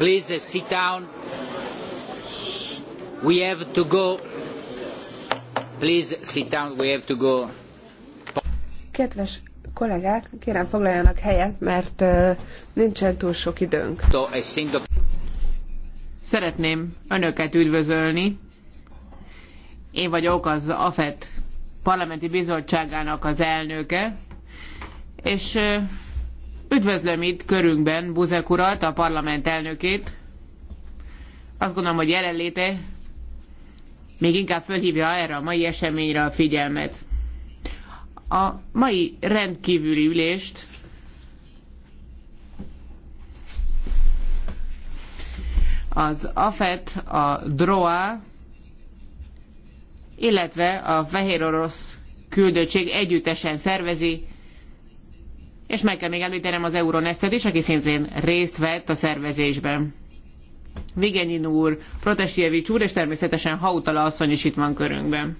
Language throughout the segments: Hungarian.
Please uh, sit down. We have to go. Please sit down. We have to go. Kedves kollégák, kérem foglaljanak helyet, mert nincsen túl sok időnk. Szeretném önöket üdvözölni. Én vagyok az AFET parlamenti bizottságának az elnöke, és Üdvözlöm itt körünkben Buzek urat, a parlament elnökét. Azt gondolom, hogy jelenléte még inkább fölhívja erre a mai eseményre a figyelmet. A mai rendkívüli ülést az AFET, a DROA, illetve a Fehér Orosz küldöttség együttesen szervezi, és meg kell még említenem az Euronestet is, aki szintén részt vett a szervezésben. Vigenyin úr, Protesievics úr, és természetesen Hautala asszony is itt van körünkben.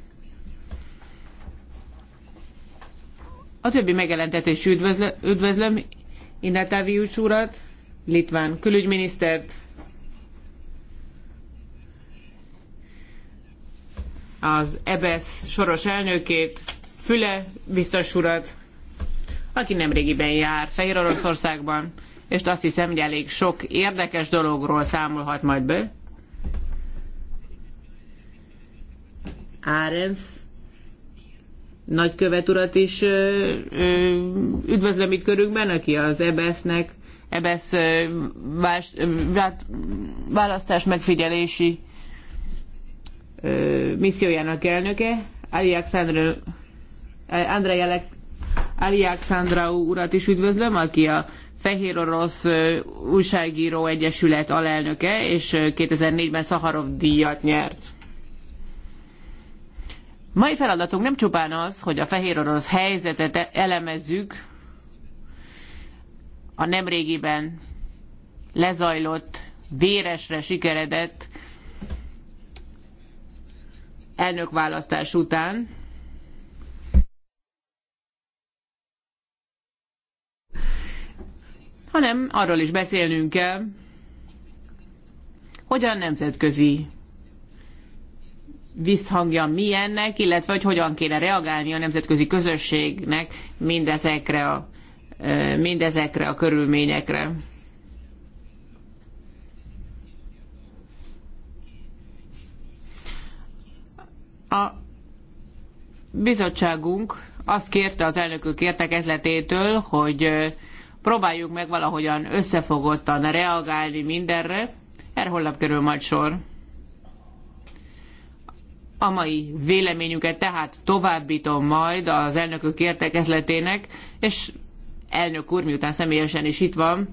A többi megjelentetés üdvözlöm, üdvözlöm Inatáviucs úrat, Litván külügyminisztert, az EBESZ soros elnökét, Füle biztos urat, aki nemrégiben jár Fehér Oroszországban, és azt hiszem, hogy elég sok érdekes dologról számolhat majd be. Árens nagykövet urat is ö, ö, üdvözlöm itt körünkben, aki az EBS-nek, e EBS e vás, hát választás megfigyelési ö, missziójának elnöke, Alexandre Andrei Alexandrau urat is üdvözlöm, aki a Fehér Orosz Újságíró Egyesület alelnöke, és 2004-ben Szaharov díjat nyert. Mai feladatunk nem csupán az, hogy a fehér orosz helyzetet e- elemezzük, a nemrégiben lezajlott, véresre sikeredett elnökválasztás után, hanem arról is beszélnünk kell, hogy a nemzetközi visszhangja milyennek, illetve hogy hogyan kéne reagálni a nemzetközi közösségnek mindezekre a, mindezekre a körülményekre. A bizottságunk azt kérte az elnökök értekezletétől, hogy Próbáljuk meg valahogyan összefogottan reagálni mindenre, erre holnap kerül majd sor. A mai véleményünket tehát továbbítom majd az elnökök értekezletének, és elnök úr, miután személyesen is itt van,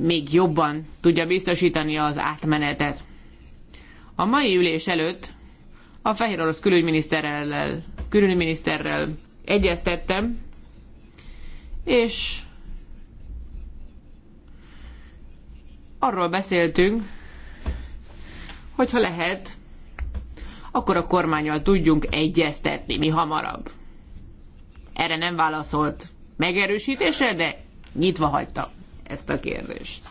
még jobban tudja biztosítani az átmenetet. A mai ülés előtt a fehér orosz külügyminiszterrel, külügyminiszterrel egyeztettem, és arról beszéltünk, hogyha lehet, akkor a kormányal tudjunk egyeztetni mi hamarabb. Erre nem válaszolt megerősítésre, de nyitva hagyta ezt a kérdést.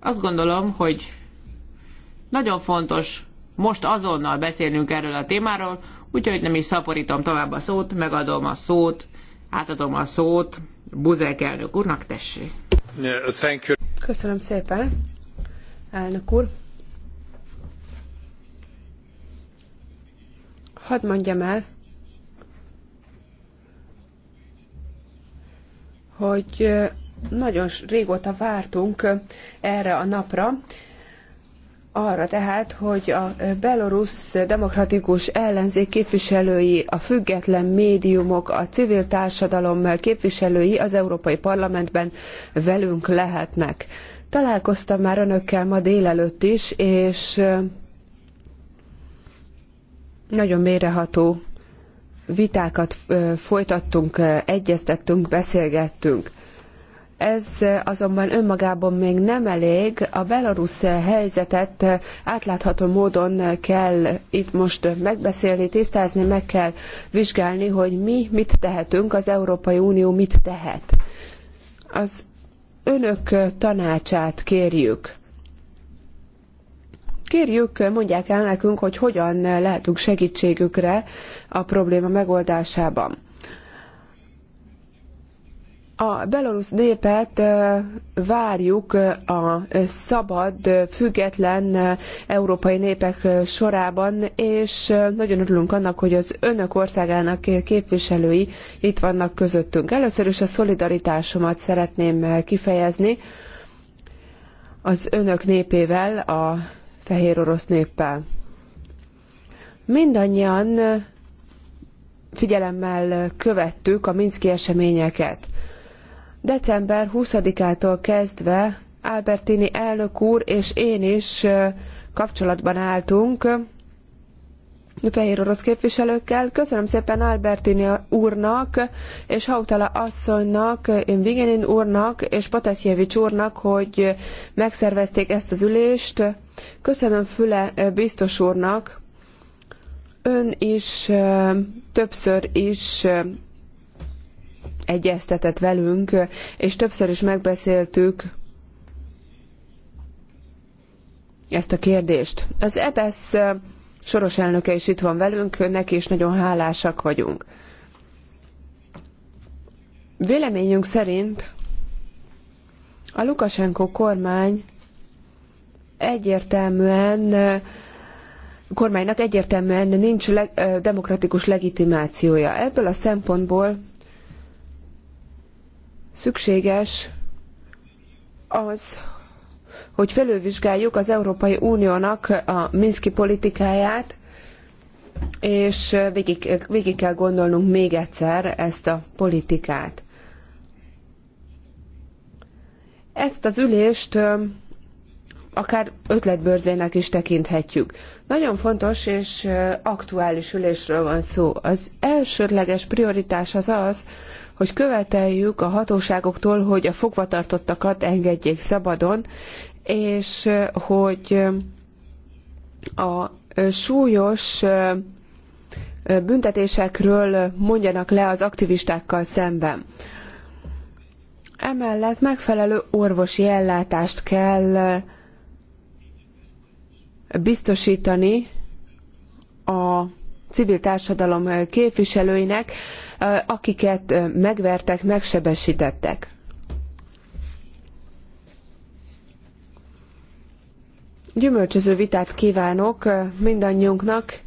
Azt gondolom, hogy nagyon fontos most azonnal beszélnünk erről a témáról, úgyhogy nem is szaporítom tovább a szót, megadom a szót, átadom a szót Buzek elnök úrnak, tessék. Thank Köszönöm szépen, elnök úr. Hadd mondjam el, hogy nagyon régóta vártunk erre a napra, arra tehát, hogy a belorusz demokratikus ellenzék képviselői, a független médiumok, a civil társadalom képviselői az Európai Parlamentben velünk lehetnek. Találkoztam már önökkel ma délelőtt is, és nagyon méreható vitákat folytattunk, egyeztettünk, beszélgettünk. Ez azonban önmagában még nem elég, a belarusz helyzetet átlátható módon kell itt most megbeszélni, tisztázni, meg kell vizsgálni, hogy mi mit tehetünk, az Európai Unió mit tehet. Az önök tanácsát kérjük. Kérjük, mondják el nekünk, hogy hogyan lehetünk segítségükre a probléma megoldásában. A belorusz népet várjuk a szabad, független európai népek sorában, és nagyon örülünk annak, hogy az önök országának képviselői itt vannak közöttünk. Először is a szolidaritásomat szeretném kifejezni az önök népével, a fehér orosz néppel. Mindannyian figyelemmel követtük a minszki eseményeket December 20-ától kezdve Albertini elnök úr és én is kapcsolatban álltunk fehér orosz képviselőkkel. Köszönöm szépen Albertini úrnak és Hautala asszonynak, én Vigenin úrnak és Potasjevics úrnak, hogy megszervezték ezt az ülést. Köszönöm Füle biztos úrnak. Ön is többször is egyeztetett velünk, és többször is megbeszéltük ezt a kérdést. Az EBSZ e soros elnöke is itt van velünk, neki is nagyon hálásak vagyunk. Véleményünk szerint a Lukasenko kormány egyértelműen kormánynak egyértelműen nincs demokratikus legitimációja. Ebből a szempontból szükséges az, hogy felülvizsgáljuk az Európai Uniónak a Minszki politikáját, és végig, végig kell gondolnunk még egyszer ezt a politikát. Ezt az ülést akár ötletbörzének is tekinthetjük. Nagyon fontos és aktuális ülésről van szó. Az elsődleges prioritás az az, hogy követeljük a hatóságoktól, hogy a fogvatartottakat engedjék szabadon, és hogy a súlyos büntetésekről mondjanak le az aktivistákkal szemben. Emellett megfelelő orvosi ellátást kell biztosítani a civil társadalom képviselőinek, akiket megvertek, megsebesítettek. Gyümölcsöző vitát kívánok mindannyiunknak,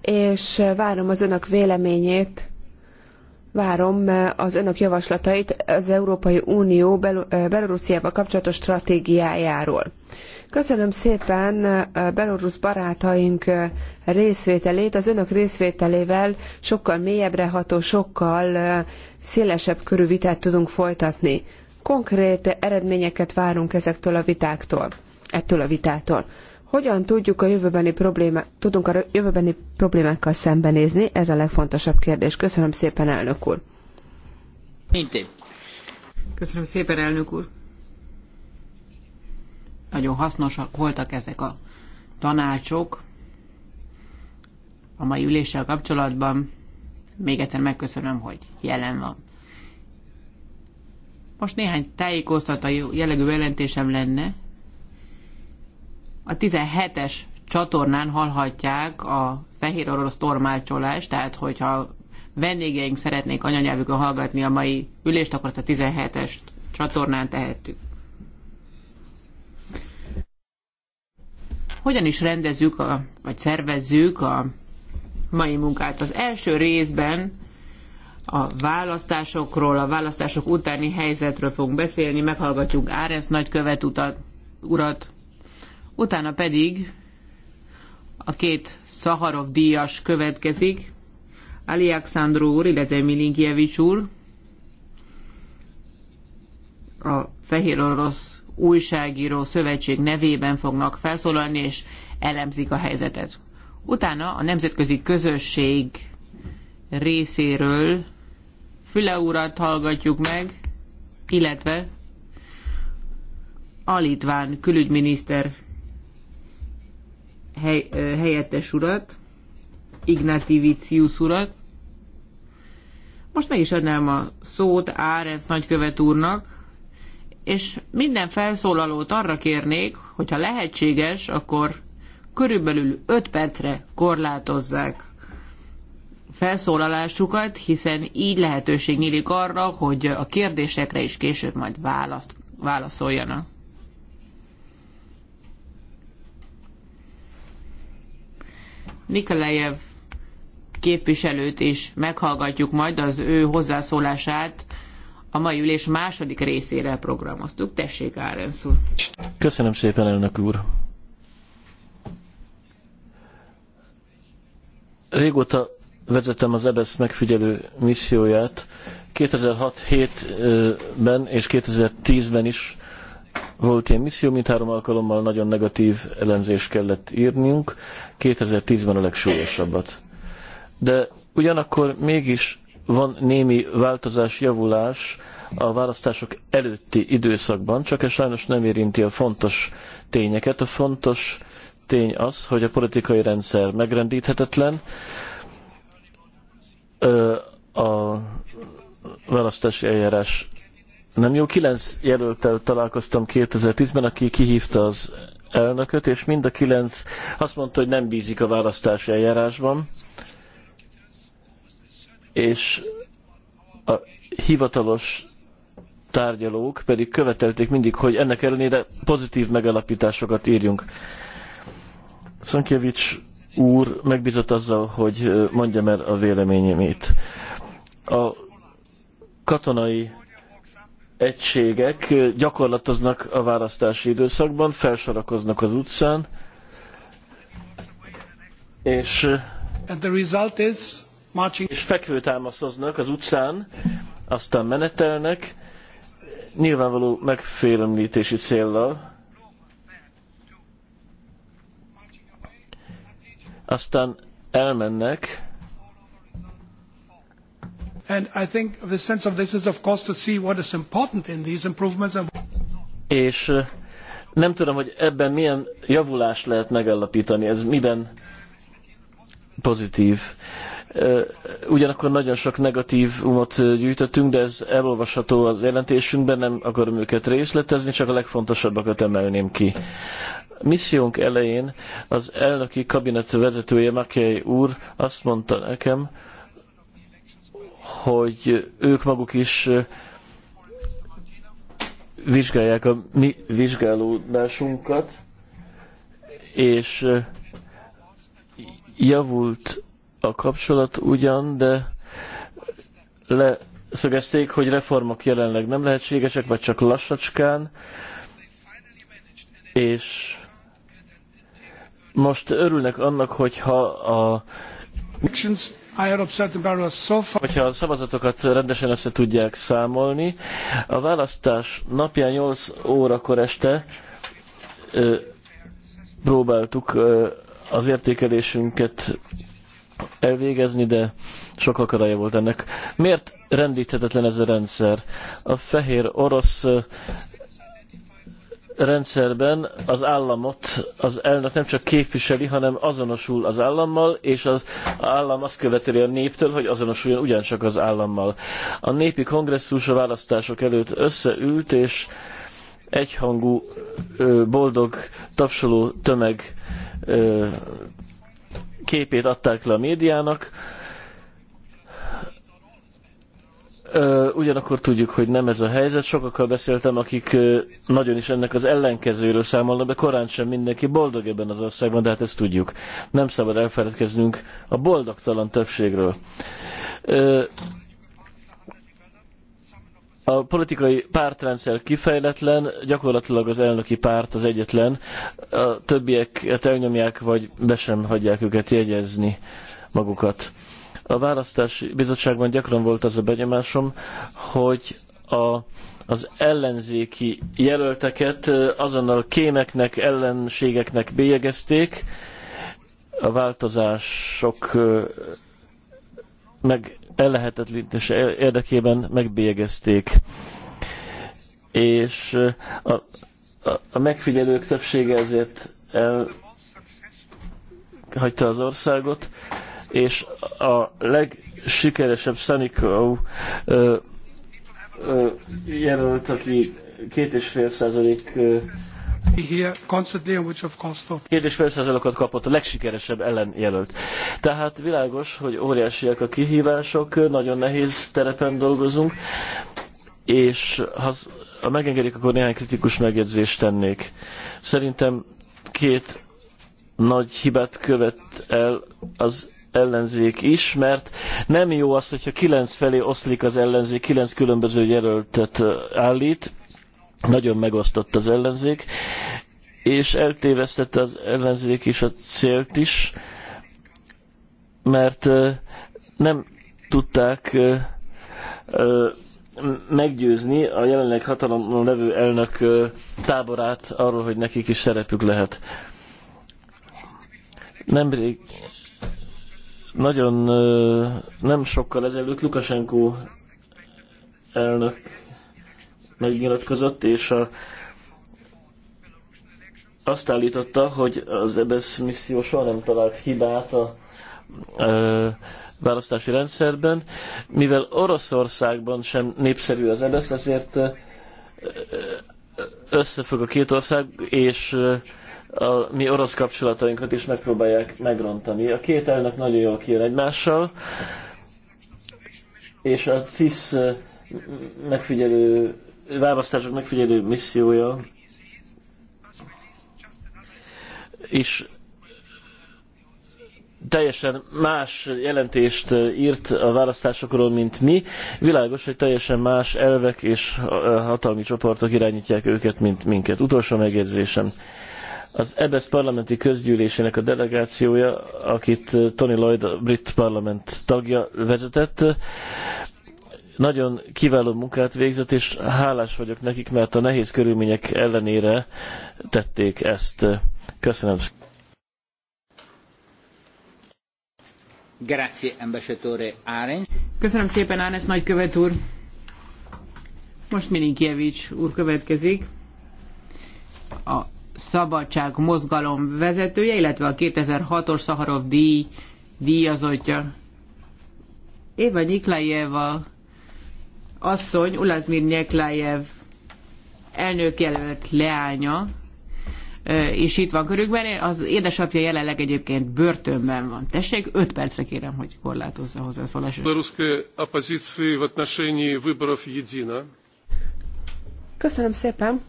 és várom az önök véleményét, várom az önök javaslatait az Európai Unió Belorussziával kapcsolatos stratégiájáról. Köszönöm szépen eh, Belarus barátaink eh, részvételét. Az önök részvételével sokkal mélyebbre ható, sokkal eh, szélesebb körű vitát tudunk folytatni. Konkrét eredményeket várunk ezektől a vitáktól, ettől a vitától. Hogyan tudjuk a jövőbeni problémá, tudunk a jövőbeni problémákkal szembenézni? Ez a legfontosabb kérdés. Köszönöm szépen, elnök úr. Köszönöm szépen, elnök úr. Nagyon hasznosak voltak ezek a tanácsok a mai üléssel kapcsolatban. Még egyszer megköszönöm, hogy jelen van. Most néhány tájékoztató jellegű jelentésem lenne. A 17-es csatornán hallhatják a fehér orosz tormácsolást, tehát hogyha vendégeink szeretnék anyanyelvükön hallgatni a mai ülést, akkor ezt a 17-es csatornán tehettük. Hogyan is rendezzük, a, vagy szervezzük a mai munkát? Az első részben a választásokról, a választások utáni helyzetről fogunk beszélni, meghallgatjuk Árenz nagykövet utat, urat, utána pedig a két Szaharov díjas következik, Ali Alexandru úr, illetve Milinkievics úr, a fehér orosz újságíró szövetség nevében fognak felszólalni, és elemzik a helyzetet. Utána a nemzetközi közösség részéről Füle urat hallgatjuk meg, illetve Alitván külügyminiszter hely, helyettes urat, Ignati Vicius urat. Most meg is adnám a szót Árez nagykövet úrnak, és minden felszólalót arra kérnék, hogyha lehetséges, akkor körülbelül 5 percre korlátozzák felszólalásukat, hiszen így lehetőség nyílik arra, hogy a kérdésekre is később majd választ, válaszoljanak. Nikolajev képviselőt is meghallgatjuk majd az ő hozzászólását a mai ülés második részére programoztuk. Tessék, Árensz úr! Köszönöm szépen, elnök úr! Régóta vezetem az EBSZ e megfigyelő misszióját. 2006-7-ben és 2010-ben is volt ilyen misszió, mint három alkalommal nagyon negatív elemzést kellett írnunk, 2010-ben a legsúlyosabbat. De ugyanakkor mégis van némi változás, javulás a választások előtti időszakban, csak ez sajnos nem érinti a fontos tényeket. A fontos tény az, hogy a politikai rendszer megrendíthetetlen, a választási eljárás nem jó. Kilenc jelöltel találkoztam 2010-ben, aki kihívta az elnököt, és mind a kilenc azt mondta, hogy nem bízik a választási eljárásban és a hivatalos tárgyalók pedig követelték mindig, hogy ennek ellenére pozitív megalapításokat írjunk. Szankjevics úr megbízott azzal, hogy mondja el a véleményemét. A katonai egységek gyakorlatoznak a választási időszakban, felsorakoznak az utcán, és And the result is és fekvőtámaszoznak az utcán, aztán menetelnek, nyilvánvaló megfélemlítési céllal. Aztán elmennek, And I think the sense of this is of course to see what is important in these improvements and és nem tudom, hogy ebben milyen javulást lehet megállapítani, ez miben pozitív. Ugyanakkor nagyon sok negatívumot gyűjtöttünk, de ez elolvasható az jelentésünkben, nem akarom őket részletezni, csak a legfontosabbakat emelném ki. Missziónk elején az elnöki kabinet vezetője, Makely úr azt mondta nekem, hogy ők maguk is vizsgálják a mi vizsgálódásunkat, és javult a kapcsolat ugyan, de leszögezték, hogy reformok jelenleg nem lehetségesek, vagy csak lassacskán, és most örülnek annak, hogyha a hogyha a szavazatokat rendesen össze tudják számolni. A választás napján 8 órakor este próbáltuk az értékelésünket elvégezni, de sok akadálya volt ennek. Miért rendíthetetlen ez a rendszer? A fehér orosz rendszerben az államot az elnök nem csak képviseli, hanem azonosul az állammal, és az állam azt követeli a néptől, hogy azonosuljon ugyancsak az állammal. A népi kongresszus a választások előtt összeült, és egyhangú, boldog, tapsoló tömeg képét adták le a médiának. Ugyanakkor tudjuk, hogy nem ez a helyzet. Sokakkal beszéltem, akik nagyon is ennek az ellenkezőről számolnak, de korán sem mindenki boldog ebben az országban, de hát ezt tudjuk. Nem szabad elfeledkeznünk a boldogtalan többségről a politikai pártrendszer kifejletlen, gyakorlatilag az elnöki párt az egyetlen, a többieket elnyomják, vagy be sem hagyják őket jegyezni magukat. A választási bizottságban gyakran volt az a benyomásom, hogy a, az ellenzéki jelölteket azonnal kémeknek, ellenségeknek bélyegezték, a változások meg ellehetetlenítése érdekében megbélyegezték. És a, a, a megfigyelők többsége ezért elhagyta az országot, és a legsikeresebb Sanikau jelölt, aki két és fél százalék Kérdés felszázalékot kapott a legsikeresebb ellenjelölt. Tehát világos, hogy óriásiak a kihívások, nagyon nehéz terepen dolgozunk, és ha, ha megengedik, akkor néhány kritikus megjegyzést tennék. Szerintem két nagy hibát követ el az ellenzék is, mert nem jó az, hogyha kilenc felé oszlik az ellenzék, kilenc különböző jelöltet állít, nagyon megosztott az ellenzék, és eltévesztette az ellenzék is a célt is, mert nem tudták meggyőzni a jelenleg hatalomon levő elnök táborát arról, hogy nekik is szerepük lehet. Nemrég nagyon nem sokkal ezelőtt Lukasenko elnök megnyilatkozott, és a, azt állította, hogy az EBSZ misszió soha nem talált hibát a, a választási rendszerben. Mivel Oroszországban sem népszerű az EBSZ, ezért összefog a két ország, és a mi orosz kapcsolatainkat is megpróbálják megrontani. A két elnök nagyon jól kijön egymással, és a CISZ megfigyelő választások megfigyelő missziója és teljesen más jelentést írt a választásokról, mint mi. Világos, hogy teljesen más elvek és hatalmi csoportok irányítják őket, mint minket. Utolsó megjegyzésem. Az EBSZ parlamenti közgyűlésének a delegációja, akit Tony Lloyd, a brit parlament tagja vezetett, nagyon kiváló munkát végzett, és hálás vagyok nekik, mert a nehéz körülmények ellenére tették ezt. Köszönöm. Grazie, ambasciatore Arens. Köszönöm szépen, Arens nagykövet úr. Most Milinkievics úr következik. A Szabadság mozgalom vezetője, illetve a 2006-os Szaharov díj díjazottja. Éva Nyiklajeva asszony, Ulazmir Nyeklájev elnök jelölt leánya, és itt van körükben. Az édesapja jelenleg egyébként börtönben van. Tessék, öt percre kérem, hogy korlátozza hozzá Белорусская оппозиция Köszönöm szépen.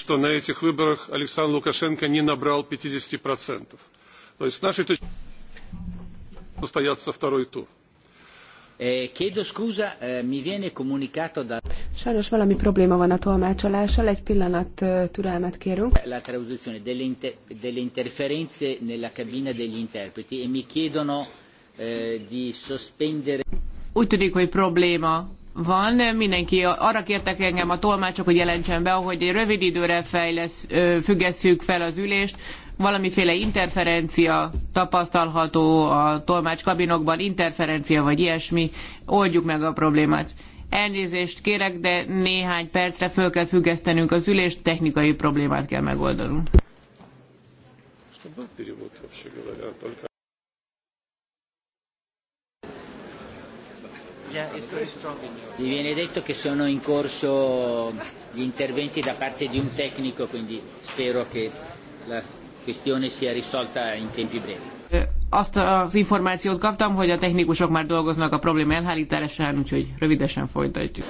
что на этих выборах Александр Лукашенко не набрал 50%. То есть с нашей точки E, e, Sajnos valami probléma van a tolmácsolással, egy pillanat e, türelmet kérünk. La traduzione delle, inter, delle interferenze nella cabina degli interpreti e mi chiedono eh, di sospendere. Úgy tűnik, hogy probléma van, mindenki arra kértek engem a tolmácsok, hogy jelentsen be, hogy egy rövid időre fejlesz, függesszük fel az ülést, valamiféle interferencia tapasztalható a tolmácskabinokban, interferencia vagy ilyesmi, oldjuk meg a problémát. Elnézést kérek, de néhány percre föl kell függesztenünk az ülést, technikai problémát kell megoldanunk. Mi viene detto che sono in corso gli interventi da parte di un tecnico, quindi spero che la azt az információt kaptam, hogy a technikusok már dolgoznak a probléma elhárításán, úgyhogy rövidesen folytatjuk.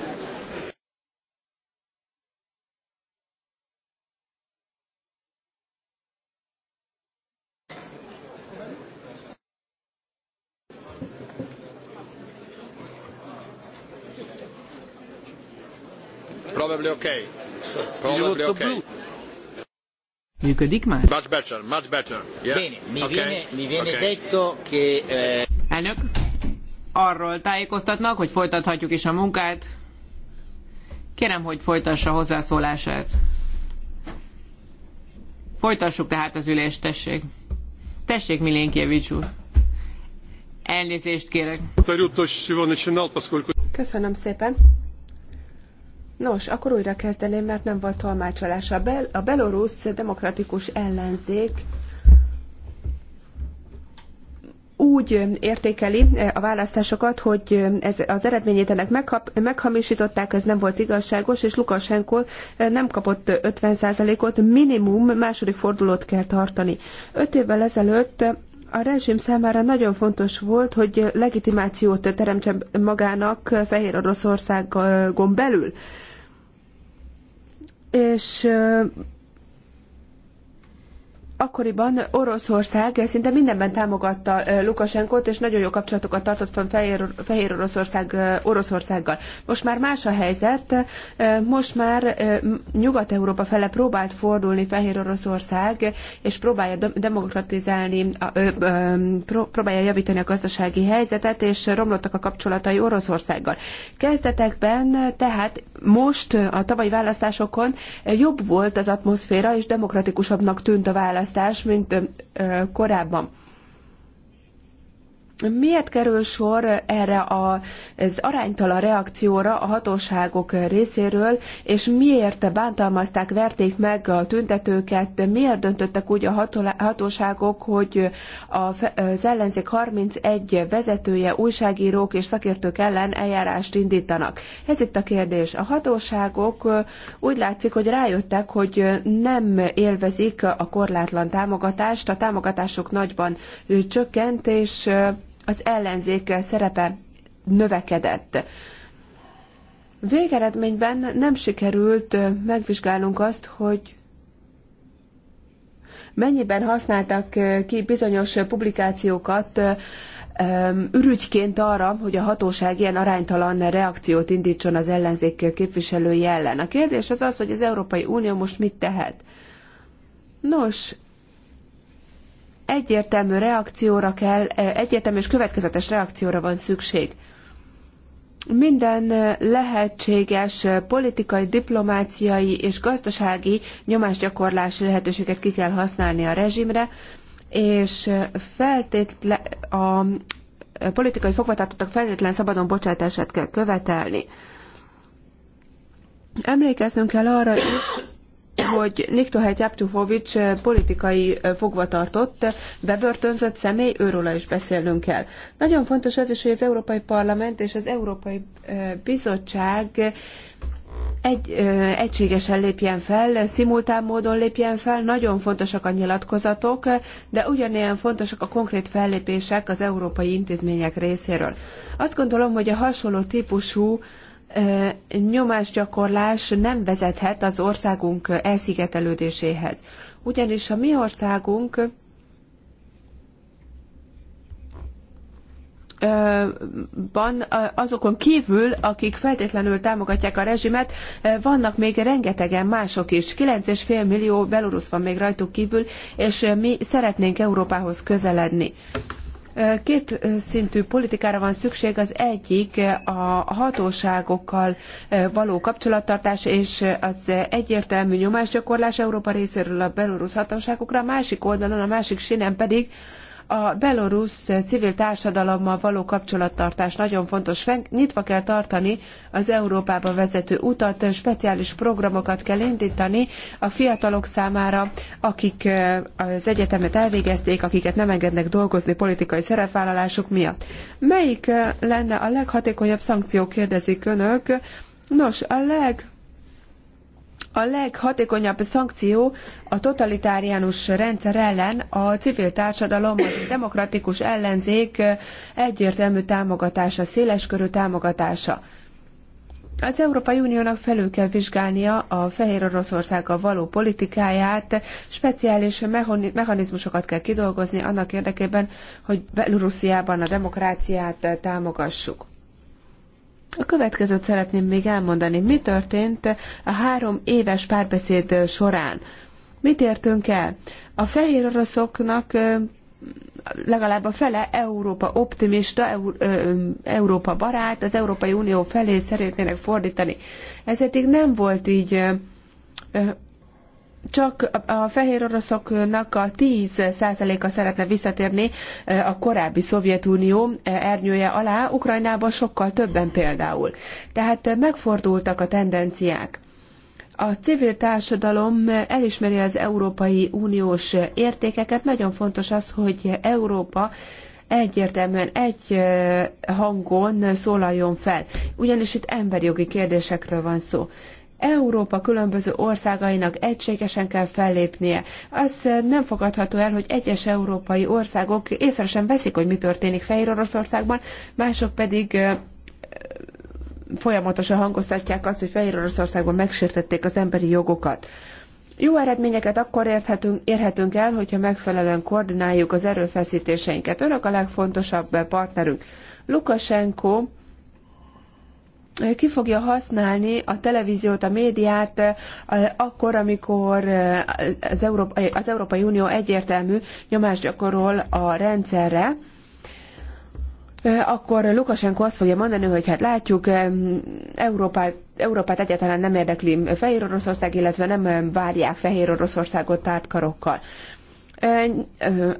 Probably okay. Probably okay. Működik már? Much better, much better. Yeah. Bene, mi okay. viene, mi viene okay. detto che... Eh... Elnök, arról tájékoztatnak, hogy folytathatjuk is a munkát. Kérem, hogy folytassa hozzászólását. Folytassuk tehát az ülést, tessék. Tessék, Milénkievics úr. Elnézést kérek. Köszönöm szépen. Nos, akkor újra kezdeném, mert nem volt tolmácsolás. A, bel- a belorusz demokratikus ellenzék úgy értékeli eh, a választásokat, hogy eh, ez, az eredményét ennek meghap, meghamisították, ez nem volt igazságos, és Lukasenko eh, nem kapott 50%-ot, minimum második fordulót kell tartani. Öt évvel ezelőtt a rezsim számára nagyon fontos volt, hogy legitimációt teremtsen magának Fehér Oroszországon belül és akkoriban Oroszország szinte mindenben támogatta Lukasenkot, és nagyon jó kapcsolatokat tartott fönn Fehér, Fehér Oroszország, Oroszországgal. Most már más a helyzet, most már Nyugat-Európa fele próbált fordulni Fehér Oroszország, és próbálja demokratizálni, próbálja javítani a gazdasági helyzetet, és romlottak a kapcsolatai Oroszországgal. Kezdetekben tehát most a tavalyi választásokon jobb volt az atmoszféra, és demokratikusabbnak tűnt a választás választás, mint korábban. Miért kerül sor erre az aránytalan reakcióra a hatóságok részéről, és miért bántalmazták, verték meg a tüntetőket, miért döntöttek úgy a hatóságok, hogy az ellenzék 31 vezetője, újságírók és szakértők ellen eljárást indítanak? Ez itt a kérdés. A hatóságok úgy látszik, hogy rájöttek, hogy nem élvezik a korlátlan támogatást, a támogatások nagyban csökkent, és az ellenzék szerepe növekedett. Végeredményben nem sikerült megvizsgálnunk azt, hogy mennyiben használtak ki bizonyos publikációkat ürügyként arra, hogy a hatóság ilyen aránytalan reakciót indítson az ellenzék képviselői ellen. A kérdés az az, hogy az Európai Unió most mit tehet. Nos, egyértelmű reakcióra kell, eh, egyértelmű és következetes reakcióra van szükség. Minden eh, lehetséges eh, politikai, diplomáciai és gazdasági nyomásgyakorlási lehetőséget ki kell használni a rezsimre, és feltétle, a politikai fogvatartottak feltétlen szabadon bocsátását kell követelni. Emlékeznünk kell arra is, hogy Niktohely Tjaptufovics eh, politikai eh, fogvatartott, eh, bebörtönzött személy, őróla is beszélnünk kell. Nagyon fontos az is, hogy az Európai Parlament és az Európai Bizottság egy, egységesen lépjen fel, szimultán módon lépjen fel, nagyon fontosak a nyilatkozatok, de ugyanilyen fontosak a konkrét fellépések az európai intézmények részéről. Azt gondolom, hogy a hasonló típusú nyomásgyakorlás nem vezethet az országunk elszigetelődéséhez. Ugyanis a mi országunk ban azokon kívül, akik feltétlenül támogatják a rezsimet, vannak még rengetegen mások is. 9,5 millió belorusz van még rajtuk kívül, és mi szeretnénk Európához közeledni. Két szintű politikára van szükség, az egyik a hatóságokkal való kapcsolattartás és az egyértelmű nyomásgyakorlás Európa részéről a belorusz hatóságokra, a másik oldalon, a másik sinen pedig a belorusz civil társadalommal való kapcsolattartás nagyon fontos. Nyitva kell tartani az Európába vezető utat, speciális programokat kell indítani a fiatalok számára, akik az egyetemet elvégezték, akiket nem engednek dolgozni politikai szerepvállalásuk miatt. Melyik lenne a leghatékonyabb szankció, kérdezik önök? Nos, a leg a leghatékonyabb szankció a totalitáriánus rendszer ellen a civil társadalom, a demokratikus ellenzék egyértelmű támogatása, széleskörű támogatása. Az Európai Uniónak felül kell vizsgálnia a Fehér Oroszországgal való politikáját, speciális mechanizmusokat kell kidolgozni annak érdekében, hogy Belorussziában a demokráciát támogassuk. A következőt szeretném még elmondani. Mi történt a három éves párbeszéd során? Mit értünk el? A fehér oroszoknak legalább a fele Európa optimista, Európa barát, az Európai Unió felé szeretnének fordítani. Ez eddig nem volt így csak a fehér oroszoknak a 10%-a szeretne visszatérni a korábbi Szovjetunió ernyője alá, Ukrajnában sokkal többen például. Tehát megfordultak a tendenciák. A civil társadalom elismeri az Európai Uniós értékeket. Nagyon fontos az, hogy Európa egyértelműen egy hangon szólaljon fel, ugyanis itt emberjogi kérdésekről van szó. Európa különböző országainak egységesen kell fellépnie. Az eh, nem fogadható el, hogy egyes európai országok észre sem veszik, hogy mi történik Fehér Oroszországban, mások pedig eh, folyamatosan hangoztatják azt, hogy Fehér Oroszországban megsértették az emberi jogokat. Jó eredményeket akkor érhetünk, érhetünk el, hogyha megfelelően koordináljuk az erőfeszítéseinket. Önök a legfontosabb partnerünk. Lukasenko ki fogja használni a televíziót, a médiát eh, akkor, amikor eh, az, Európa, az Európai Unió egyértelmű nyomást gyakorol a rendszerre, eh, akkor Lukasenko azt fogja mondani, hogy hát látjuk, Európát, Európát egyáltalán nem érdekli Fehér Oroszország, illetve nem várják Fehér Oroszországot tárt karokkal.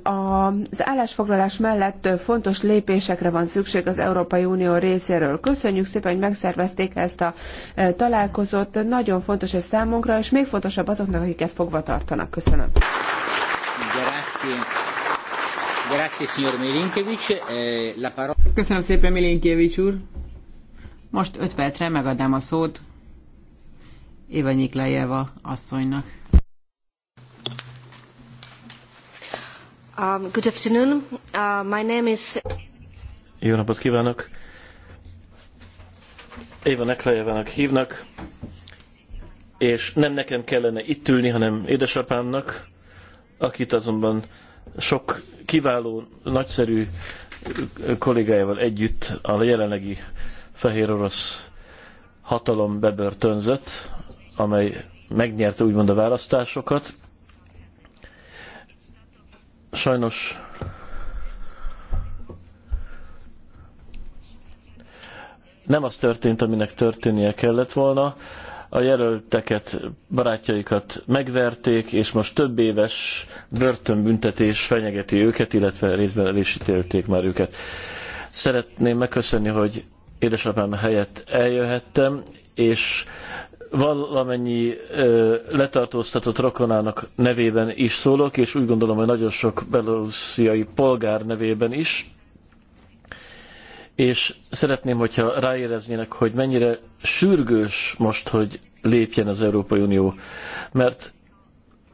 Az állásfoglalás mellett fontos lépésekre van szükség az Európai Unió részéről. Köszönjük szépen, hogy megszervezték ezt a találkozót. Nagyon fontos ez számunkra, és még fontosabb azoknak, akiket fogva tartanak. Köszönöm. Köszönöm szépen, Milinkiewicz úr. Most öt percre megadnám a szót Éva Nyiklájeva asszonynak. Um, good afternoon. Uh, my name is... Jó napot kívánok! Éva Neklejevának hívnak, és nem nekem kellene itt ülni, hanem édesapámnak, akit azonban sok kiváló, nagyszerű kollégájával együtt a jelenlegi fehér orosz hatalom bebörtönzött, amely megnyerte úgymond a választásokat, Sajnos nem az történt, aminek történnie kellett volna. A jelölteket, barátjaikat megverték, és most több éves börtönbüntetés fenyegeti őket, illetve részben el is ítélték már őket. Szeretném megköszönni, hogy édesapám helyett eljöhettem, és valamennyi ö, letartóztatott rokonának nevében is szólok, és úgy gondolom, hogy nagyon sok belorussziai polgár nevében is. És szeretném, hogyha ráéreznének, hogy mennyire sürgős most, hogy lépjen az Európai Unió. Mert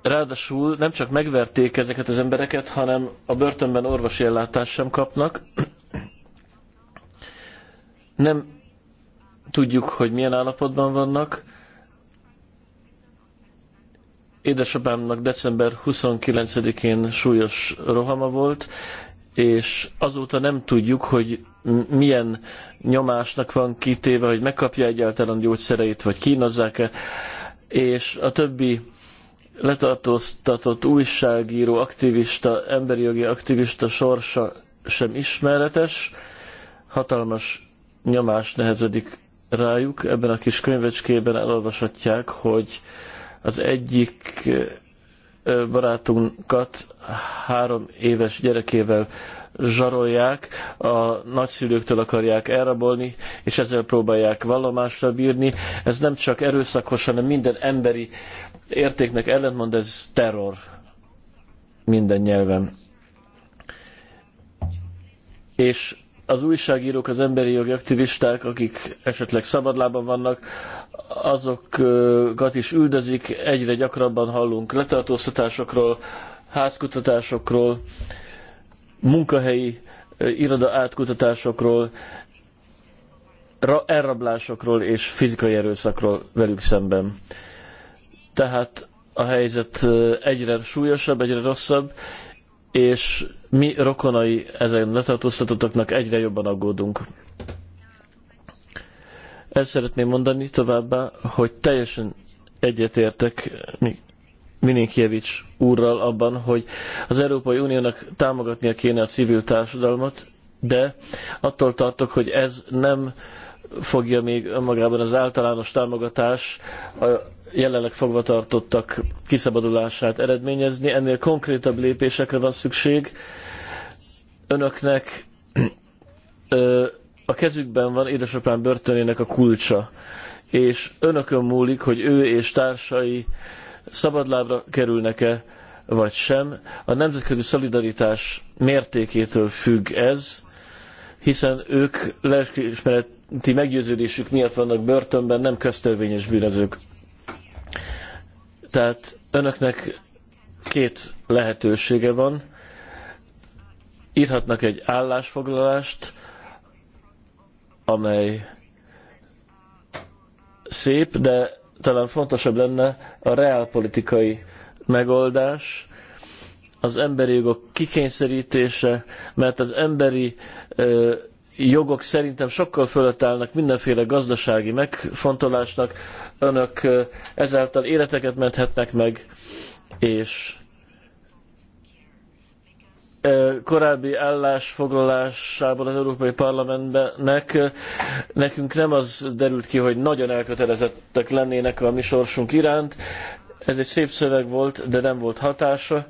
ráadásul nem csak megverték ezeket az embereket, hanem a börtönben orvosi ellátást sem kapnak. Nem tudjuk, hogy milyen állapotban vannak Édesapámnak december 29-én súlyos rohama volt, és azóta nem tudjuk, hogy milyen nyomásnak van kitéve, hogy megkapja egyáltalán gyógyszereit, vagy kínozzák-e, és a többi letartóztatott újságíró, aktivista, emberi jogi aktivista sorsa sem ismeretes, hatalmas nyomás nehezedik rájuk. Ebben a kis könyvecskében elolvashatják, hogy az egyik barátunkat három éves gyerekével zsarolják, a nagyszülőktől akarják elrabolni, és ezzel próbálják vallomásra bírni. Ez nem csak erőszakos, hanem minden emberi értéknek ellentmond, ez terror minden nyelven. És az újságírók, az emberi jogi aktivisták, akik esetleg szabadlában vannak, azokat is üldözik, egyre gyakrabban hallunk letartóztatásokról, házkutatásokról, munkahelyi iroda átkutatásokról, elrablásokról és fizikai erőszakról velük szemben. Tehát a helyzet egyre súlyosabb, egyre rosszabb, és mi rokonai ezen letartóztatottaknak egyre jobban aggódunk. Ezt szeretném mondani továbbá, hogy teljesen egyetértek Mininkievics úrral abban, hogy az Európai Uniónak támogatnia kéne a civil társadalmat, de attól tartok, hogy ez nem fogja még önmagában az általános támogatás a jelenleg fogvatartottak kiszabadulását eredményezni. Ennél konkrétabb lépésekre van szükség. Önöknek a kezükben van édesapám börtönének a kulcsa, és önökön múlik, hogy ő és társai szabadlábra kerülnek-e, vagy sem. A nemzetközi szolidaritás mértékétől függ ez, hiszen ők lelkiismereti meggyőződésük miatt vannak börtönben, nem köztörvényes bűnözők. Tehát önöknek két lehetősége van. Írhatnak egy állásfoglalást, amely szép, de talán fontosabb lenne a reálpolitikai megoldás, az emberi jogok kikényszerítése, mert az emberi ö, jogok szerintem sokkal fölött állnak mindenféle gazdasági megfontolásnak. Önök ö, ezáltal életeket menthetnek meg, és ö, korábbi állásfoglalásában az Európai Parlamentnek nekünk nem az derült ki, hogy nagyon elkötelezettek lennének a mi sorsunk iránt. Ez egy szép szöveg volt, de nem volt hatása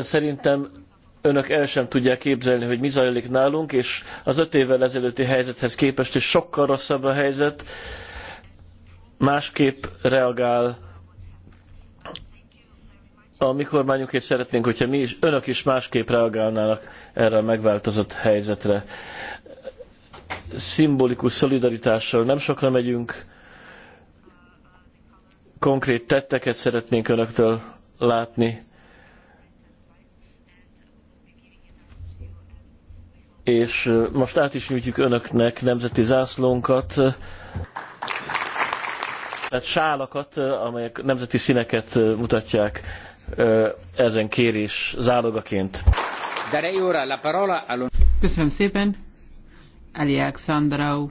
Szerintem önök el sem tudják képzelni, hogy mi zajlik nálunk, és az öt évvel ezelőtti helyzethez képest is sokkal rosszabb a helyzet. Másképp reagál a mi kormányunk, és szeretnénk, hogyha mi is, önök is másképp reagálnának erre a megváltozott helyzetre. Szimbolikus szolidaritással nem sokra megyünk, konkrét tetteket szeretnénk önöktől látni, és most át is nyújtjuk önöknek nemzeti zászlónkat, tehát sálakat, amelyek nemzeti színeket mutatják ezen kérés zálogaként. Köszönöm szépen. Ali Alexandrau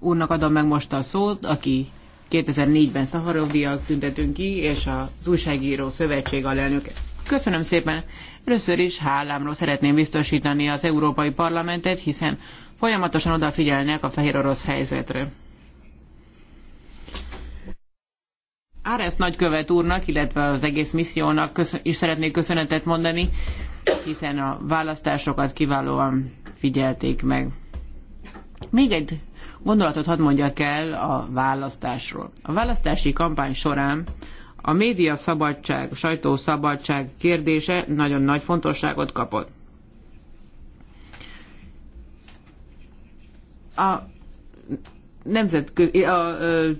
úrnak adom meg most a szót, aki 2004-ben Szaharovdiak tüntetünk ki, és az újságíró szövetség alelnöke. Köszönöm szépen, Először is hálámról szeretném biztosítani az Európai Parlamentet, hiszen folyamatosan odafigyelnek a fehér orosz helyzetre. Áres nagykövet úrnak, illetve az egész missziónak is szeretnék köszönetet mondani, hiszen a választásokat kiválóan figyelték meg. Még egy gondolatot hadd mondjak el a választásról. A választási kampány során a média szabadság, sajtószabadság kérdése nagyon nagy fontosságot kapott. A nemzetközi, a, a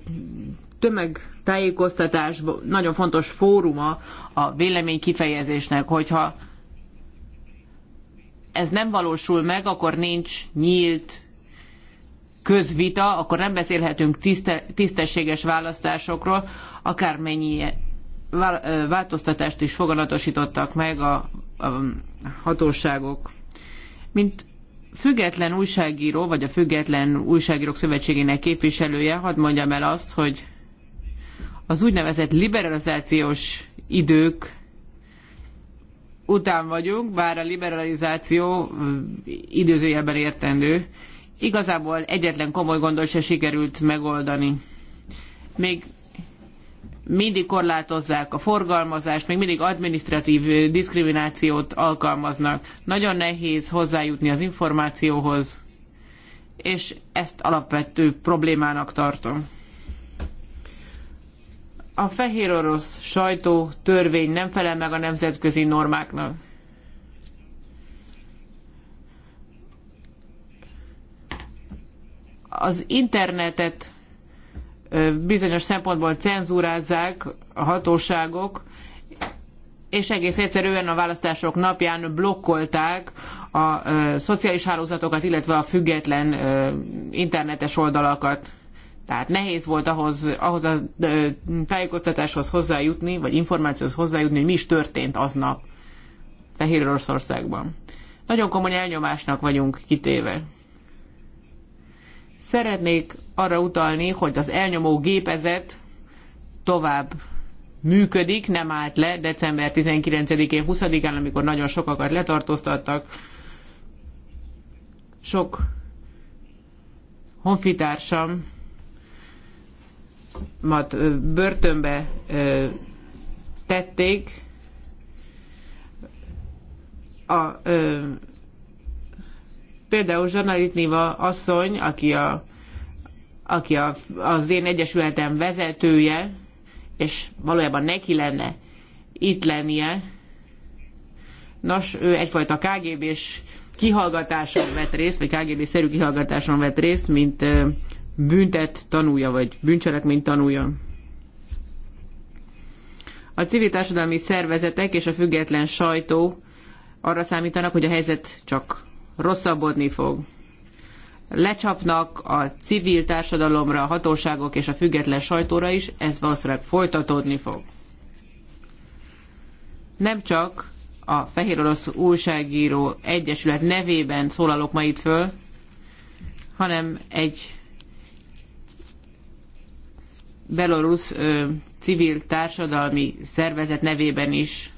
tömegtájékoztatás nagyon fontos fóruma a vélemény kifejezésnek, hogyha ez nem valósul meg, akkor nincs nyílt közvita, akkor nem beszélhetünk tiszte, tisztességes választásokról, akármennyi változtatást is foganatosítottak meg a, a hatóságok. Mint független újságíró, vagy a Független Újságírók Szövetségének képviselője, hadd mondjam el azt, hogy az úgynevezett liberalizációs idők után vagyunk, bár a liberalizáció időzőjelben értendő, igazából egyetlen komoly gondol se sikerült megoldani. Még mindig korlátozzák a forgalmazást, még mindig administratív diszkriminációt alkalmaznak. Nagyon nehéz hozzájutni az információhoz, és ezt alapvető problémának tartom. A fehér orosz sajtó törvény nem felel meg a nemzetközi normáknak az internetet bizonyos szempontból cenzúrázzák a hatóságok, és egész egyszerűen a választások napján blokkolták a ö, szociális hálózatokat, illetve a független ö, internetes oldalakat. Tehát nehéz volt ahhoz, ahhoz a ö, tájékoztatáshoz hozzájutni, vagy információhoz hozzájutni, hogy mi is történt aznap Fehér Oroszországban. Nagyon komoly elnyomásnak vagyunk kitéve. Szeretnék arra utalni, hogy az elnyomó gépezet tovább működik, nem állt le december 19-én, 20-án, amikor nagyon sokakat letartóztattak. Sok honfitársam mat börtönbe tették. A Például Zsanalit Niva asszony, aki, a, aki a, az én egyesületem vezetője, és valójában neki lenne itt lennie. Nos, ő egyfajta KGB-s kihallgatáson vett részt, vagy KGB-szerű kihallgatáson vett részt, mint büntet tanulja, vagy bűncselekményt tanulja. A civil társadalmi szervezetek és a független sajtó arra számítanak, hogy a helyzet csak rosszabbodni fog. Lecsapnak a civil társadalomra, a hatóságok és a független sajtóra is, ez valószínűleg folytatódni fog. Nem csak a Fehér Orosz Újságíró Egyesület nevében szólalok ma itt föl, hanem egy belorusz ö, civil társadalmi szervezet nevében is.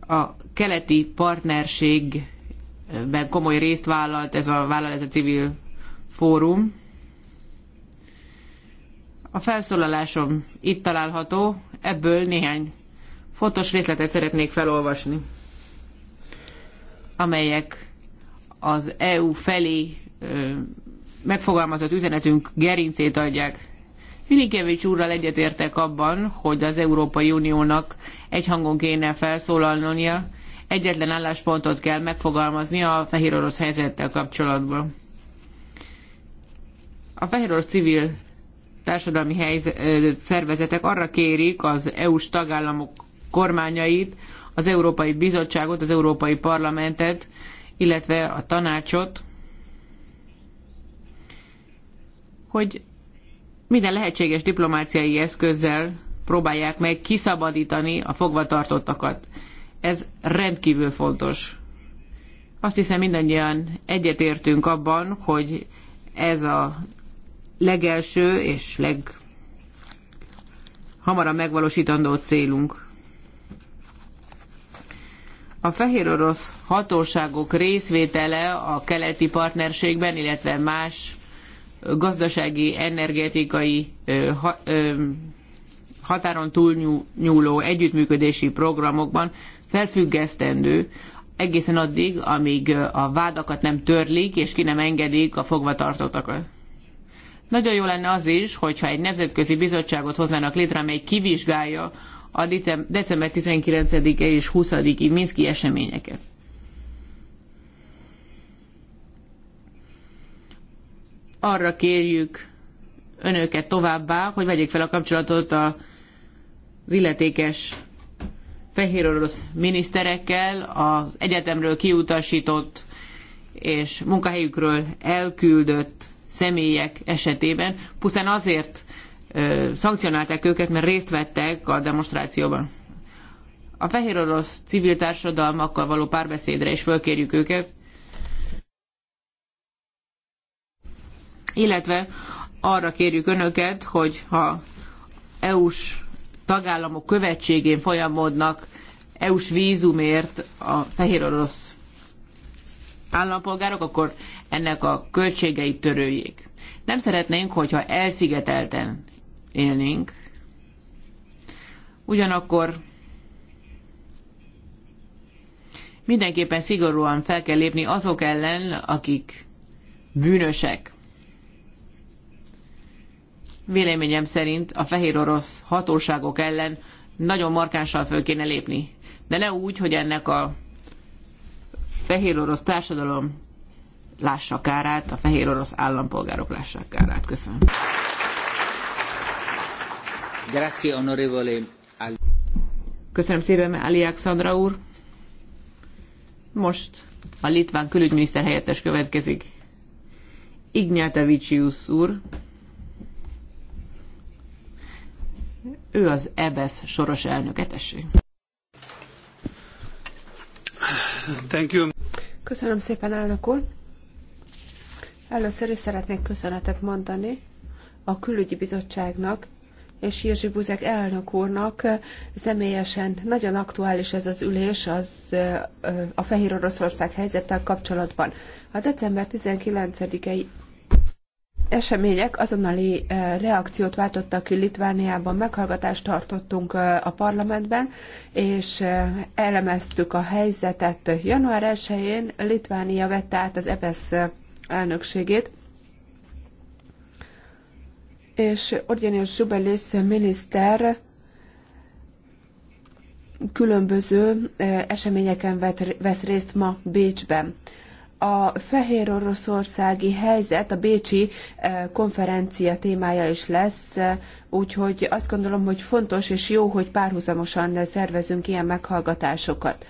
A keleti partnerségben komoly részt vállalt ez a vállalat, ez a civil fórum. A felszólalásom itt található, ebből néhány fontos részletet szeretnék felolvasni, amelyek az EU felé ö, megfogalmazott üzenetünk gerincét adják. Milinkevics úrral egyetértek abban, hogy az Európai Uniónak egyhangon kéne felszólalnia, egyetlen álláspontot kell megfogalmazni a fehér orosz helyzettel kapcsolatban. A fehér orosz civil társadalmi helyzet, szervezetek arra kérik az EU-s tagállamok kormányait, az Európai Bizottságot, az Európai Parlamentet, illetve a tanácsot, hogy minden lehetséges diplomáciai eszközzel próbálják meg kiszabadítani a fogvatartottakat. Ez rendkívül fontos. Azt hiszem mindannyian egyetértünk abban, hogy ez a legelső és leghamarabb megvalósítandó célunk. A fehér orosz hatóságok részvétele a keleti partnerségben, illetve más gazdasági, energetikai határon túlnyúló együttműködési programokban felfüggesztendő egészen addig, amíg a vádakat nem törlik, és ki nem engedik a fogvatartottakat. Nagyon jó lenne az is, hogyha egy nemzetközi bizottságot hoznának létre, amely kivizsgálja a december 19-e és 20-i Minszki eseményeket. Arra kérjük önöket továbbá, hogy vegyék fel a kapcsolatot az illetékes fehér orosz miniszterekkel az egyetemről kiutasított és munkahelyükről elküldött személyek esetében pusztán azért ö, szankcionálták őket, mert részt vettek a demonstrációban. A fehér orosz civil társadalmakkal való párbeszédre is fölkérjük őket, illetve arra kérjük önöket, hogy ha EU-s tagállamok követségén folyamodnak EU-s vízumért a fehér orosz állampolgárok, akkor ennek a költségeit törőjék. Nem szeretnénk, hogyha elszigetelten élnénk, ugyanakkor mindenképpen szigorúan fel kell lépni azok ellen, akik bűnösek véleményem szerint a fehér orosz hatóságok ellen nagyon markánsan föl kéne lépni. De ne úgy, hogy ennek a fehér orosz társadalom lássa kárát, a fehér orosz állampolgárok lássák kárát. Köszönöm. Köszönöm szépen, Ali Alexandra úr. Most a litván külügyminiszter helyettes következik. Ignyátevicius úr. Ő az EBS e soros elnöke, tessék. Thank you. Köszönöm szépen, elnök úr. Először is szeretnék köszönetet mondani a külügyi bizottságnak és Jirzsi Buzek elnök úrnak személyesen nagyon aktuális ez az ülés az, a Fehér Oroszország helyzettel kapcsolatban. A december 19-i események azonnali reakciót váltottak ki Litvániában, meghallgatást tartottunk a parlamentben, és elemeztük a helyzetet. Január 1-én Litvánia vette át az EBSZ e elnökségét, és Orgyanius Zsubelis miniszter különböző eseményeken vesz részt ma Bécsben a fehér oroszországi helyzet a Bécsi eh, konferencia témája is lesz, eh, úgyhogy azt gondolom, hogy fontos és jó, hogy párhuzamosan szervezünk ilyen meghallgatásokat.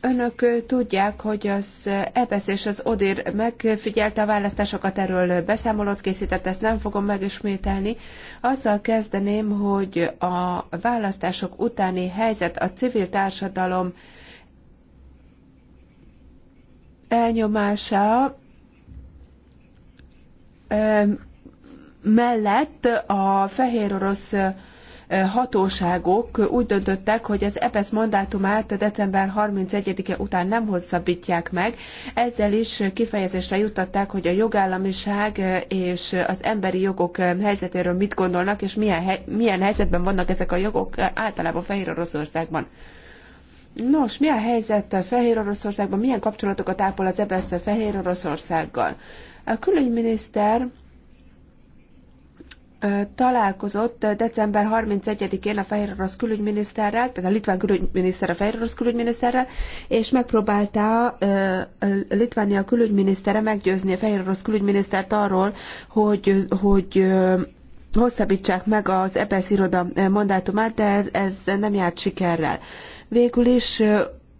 Önök eh, tudják, hogy az EBSZ e e és az ODIR megfigyelte a választásokat, erről beszámolót készített, ezt nem fogom megismételni. Azzal kezdeném, hogy a választások utáni helyzet a civil társadalom elnyomása mellett a fehér orosz hatóságok úgy döntöttek, hogy az EPESZ mandátumát december 31-e után nem hosszabbítják meg. Ezzel is kifejezésre juttatták, hogy a jogállamiság és az emberi jogok helyzetéről mit gondolnak, és milyen, milyen helyzetben vannak ezek a jogok általában Fehér Oroszországban. Nos, mi a helyzet Fehér Oroszországban? Milyen kapcsolatokat ápol az EBSZ Fehér Oroszországgal? A külügyminiszter találkozott december 31-én a fehér orosz külügyminiszterrel, tehát a litván külügyminiszter a fehér orosz külügyminiszterrel, és megpróbálta Litvánia külügyminisztere meggyőzni a fehér orosz külügyminisztert arról, hogy, hogy hosszabbítsák meg az EBSZ iroda mandátumát, de ez nem járt sikerrel. Végül is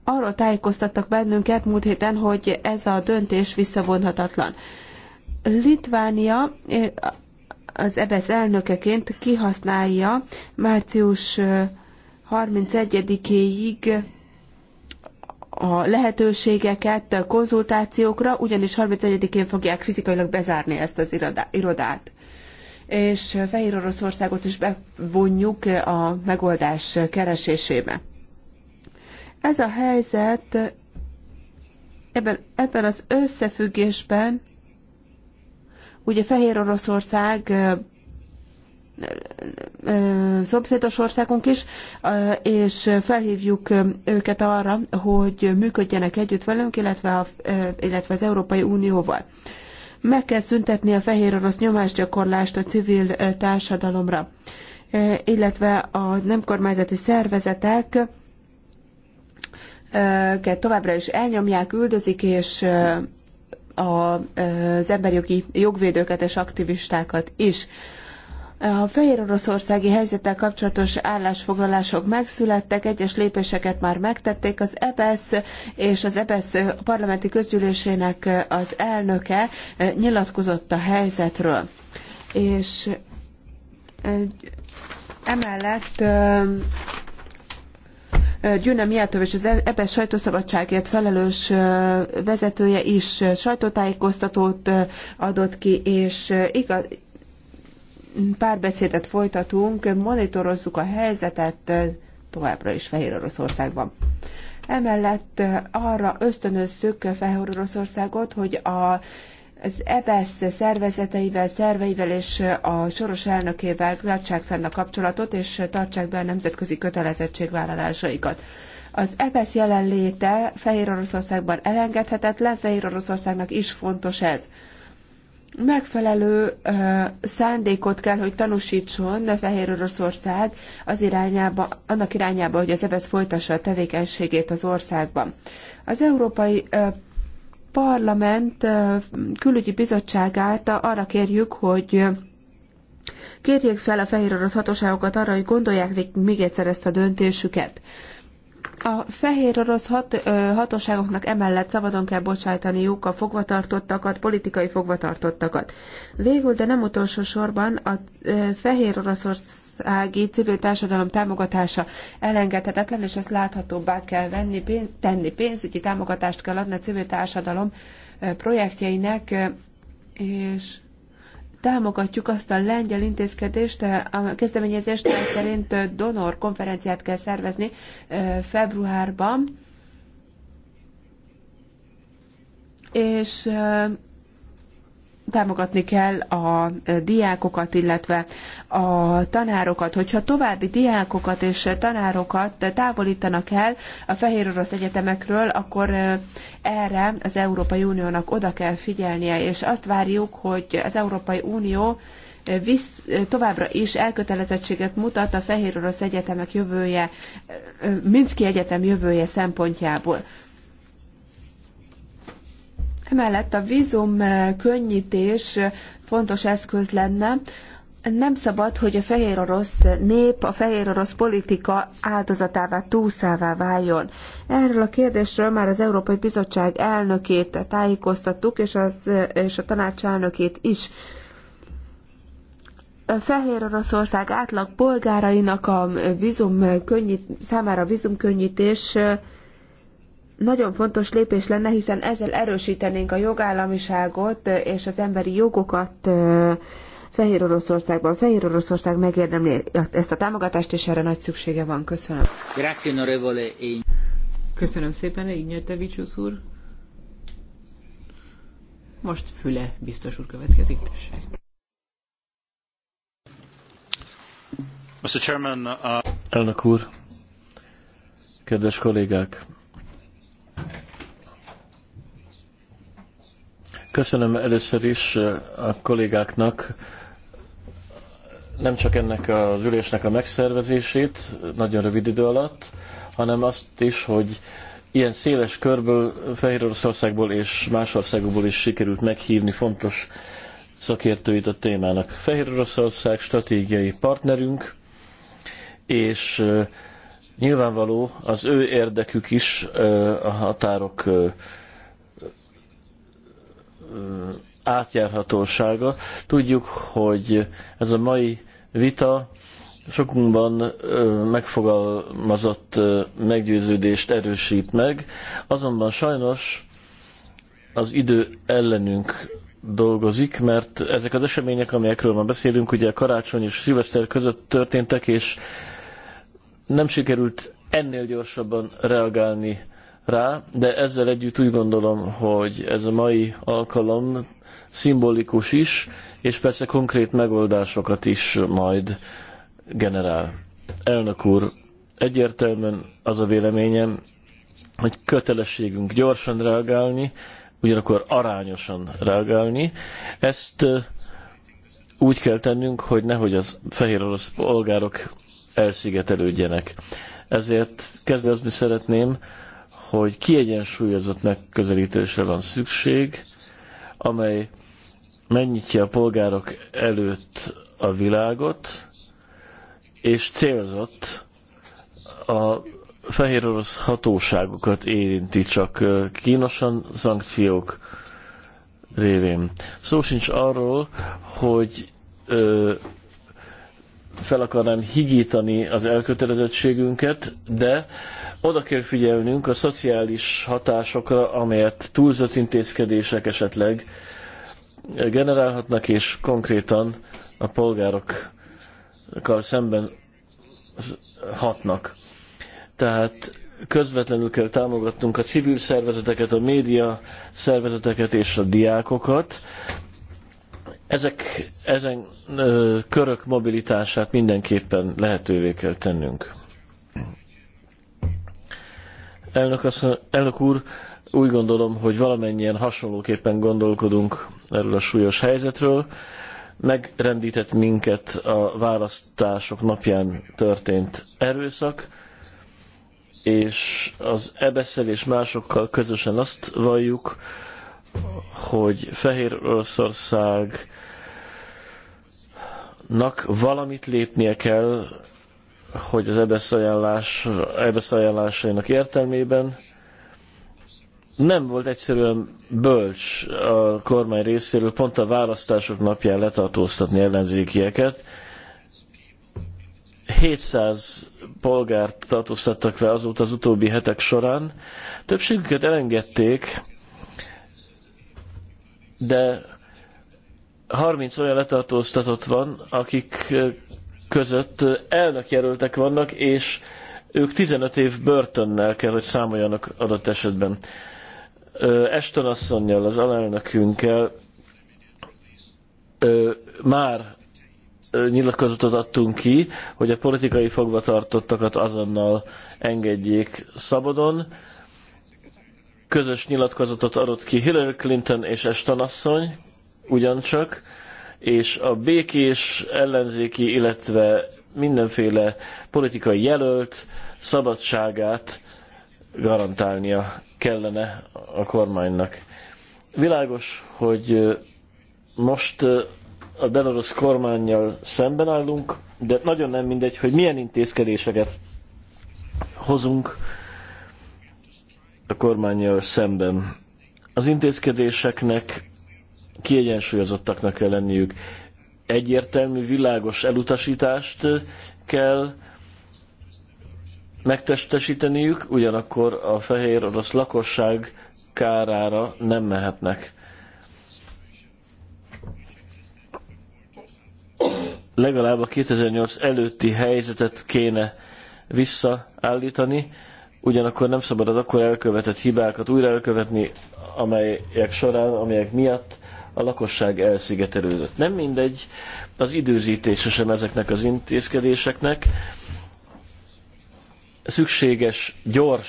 arról tájékoztattak bennünket múlt héten, hogy ez a döntés visszavonhatatlan. Litvánia az EBSZ e elnökeként kihasználja március 31-éig a lehetőségeket konzultációkra, ugyanis 31-én fogják fizikailag bezárni ezt az irodát. És Fehér Oroszországot is bevonjuk a megoldás keresésébe. Ez a helyzet ebben, ebben az összefüggésben, ugye Fehér Oroszország szomszédos országunk is, és felhívjuk őket arra, hogy működjenek együtt velünk, illetve, a, illetve az Európai Unióval. Meg kell szüntetni a fehér orosz nyomásgyakorlást a civil társadalomra, illetve a nemkormányzati szervezetek továbbra is elnyomják, üldözik, és az emberjogi jogvédőket és aktivistákat is. A fehér oroszországi helyzettel kapcsolatos állásfoglalások megszülettek, egyes lépéseket már megtették. Az EBSZ e és az EBSZ e parlamenti közgyűlésének az elnöke nyilatkozott a helyzetről. És emellett Gyűnö Miátov és az EBE e e sajtószabadságért felelős vezetője is sajtótájékoztatót adott ki, és igaz, párbeszédet folytatunk, monitorozzuk a helyzetet továbbra is Fehér Oroszországban. Emellett arra ösztönözzük Fehér Oroszországot, hogy a az EBSZ e szervezeteivel, szerveivel és a soros elnökével tartsák fenn a kapcsolatot, és tartsák be a nemzetközi kötelezettségvállalásaikat. Az EBSZ e jelenléte Fehér Oroszországban elengedhetetlen, Fehér Oroszországnak is fontos ez. Megfelelő uh, szándékot kell, hogy tanúsítson Fehér Oroszország az irányába, annak irányába, hogy az EBSZ e folytassa a tevékenységét az országban. Az Európai uh, parlament külügyi bizottságát arra kérjük, hogy kérjék fel a fehér orosz hatóságokat arra, hogy gondolják még egyszer ezt a döntésüket. A fehér orosz hat, hatóságoknak emellett szabadon kell bocsájtaniuk a fogvatartottakat, politikai fogvatartottakat. Végül, de nem utolsó sorban a fehér orosz magyarországi civil társadalom támogatása elengedhetetlen, és ezt láthatóbbá kell venni, pénz, tenni. Pénzügyi támogatást kell adni a civil társadalom projektjeinek, és támogatjuk azt a lengyel intézkedést, a kezdeményezést, mely szerint donor konferenciát kell szervezni februárban, és támogatni kell a e, diákokat, illetve a tanárokat. Hogyha további diákokat és tanárokat távolítanak el a fehér orosz egyetemekről, akkor e, erre az Európai Uniónak oda kell figyelnie, és azt várjuk, hogy az Európai Unió e, visz, továbbra is elkötelezettséget mutat a fehér orosz egyetemek jövője, Minszki Egyetem jövője szempontjából. Emellett a vízum eh, könnyítés eh, fontos eszköz lenne, nem szabad, hogy a fehér orosz nép, a fehér orosz politika áldozatává, túlszává váljon. Erről a kérdésről már az Európai Bizottság elnökét tájékoztattuk, és, az, eh, és a tanács elnökét is. A fehér Oroszország átlag polgárainak a vízum könnyít, számára vízumkönnyítés könnyítés nagyon fontos lépés lenne, hiszen ezzel erősítenénk a jogállamiságot és az emberi jogokat Fehér Oroszországban. Fehér Oroszország megérdemli ezt a támogatást, és erre nagy szüksége van. Köszönöm. Köszönöm szépen, Ignyatevics úr. Most Füle biztos úr következik, tessék. Mr. Chairman, uh... Elnök úr, kedves kollégák, Köszönöm először is a kollégáknak nem csak ennek az ülésnek a megszervezését nagyon rövid idő alatt, hanem azt is, hogy ilyen széles körből, Fehéroroszországból és más országokból is sikerült meghívni fontos szakértőit a témának. Fehéroroszország stratégiai partnerünk, és nyilvánvaló az ő érdekük is a határok átjárhatósága. Tudjuk, hogy ez a mai vita sokunkban megfogalmazott meggyőződést erősít meg, azonban sajnos az idő ellenünk dolgozik, mert ezek az események, amelyekről ma beszélünk, ugye karácsony és szilveszter között történtek, és nem sikerült ennél gyorsabban reagálni rá, de ezzel együtt úgy gondolom, hogy ez a mai alkalom szimbolikus is, és persze konkrét megoldásokat is majd generál. Elnök úr, egyértelműen az a véleményem, hogy kötelességünk gyorsan reagálni, ugyanakkor arányosan reagálni. Ezt úgy kell tennünk, hogy nehogy az fehér orosz polgárok elszigetelődjenek. Ezért kezdezni szeretném, hogy kiegyensúlyozott megközelítésre van szükség, amely megnyitja a polgárok előtt a világot, és célzott a fehér orosz hatóságokat érinti csak kínosan szankciók révén. Szó sincs arról, hogy ö, fel akarnám higítani az elkötelezettségünket, de oda kell figyelnünk a szociális hatásokra, amelyet túlzott intézkedések esetleg generálhatnak, és konkrétan a polgárokkal szemben hatnak. Tehát közvetlenül kell támogatnunk a civil szervezeteket, a média szervezeteket és a diákokat, ezek, ezen ö, körök mobilitását mindenképpen lehetővé kell tennünk. Elnök, azt, elnök úr, úgy gondolom, hogy valamennyien hasonlóképpen gondolkodunk erről a súlyos helyzetről. Megrendített minket a választások napján történt erőszak, és az ebeszel és másokkal közösen azt valljuk, hogy Fehér Oroszországnak valamit lépnie kell, hogy az Ebesz ajánlás, e e ajánlásainak értelmében nem volt egyszerűen bölcs a kormány részéről pont a választások napján letartóztatni ellenzékieket. 700 polgárt tartóztattak le azóta az utóbbi hetek során. Többségüket elengedték, de 30 olyan letartóztatott van, akik között elnökjelöltek vannak, és ők 15 év börtönnel kell, hogy számoljanak adott esetben. Eston asszonynal, az alelnökünkkel már nyilatkozatot adtunk ki, hogy a politikai fogvatartottakat azonnal engedjék szabadon, közös nyilatkozatot adott ki Hillary Clinton és Ashton asszony, ugyancsak, és a békés ellenzéki, illetve mindenféle politikai jelölt szabadságát garantálnia kellene a kormánynak. Világos, hogy most a belarus kormányjal szemben állunk, de nagyon nem mindegy, hogy milyen intézkedéseket hozunk a kormányjal szemben. Az intézkedéseknek kiegyensúlyozottaknak kell lenniük. Egyértelmű, világos elutasítást kell megtestesíteniük, ugyanakkor a fehér orosz lakosság kárára nem mehetnek. Legalább a 2008 előtti helyzetet kéne visszaállítani, ugyanakkor nem szabad az akkor elkövetett hibákat újra elkövetni, amelyek során, amelyek miatt a lakosság elszigetelődött. Nem mindegy az időzítése sem ezeknek az intézkedéseknek. Szükséges, gyors,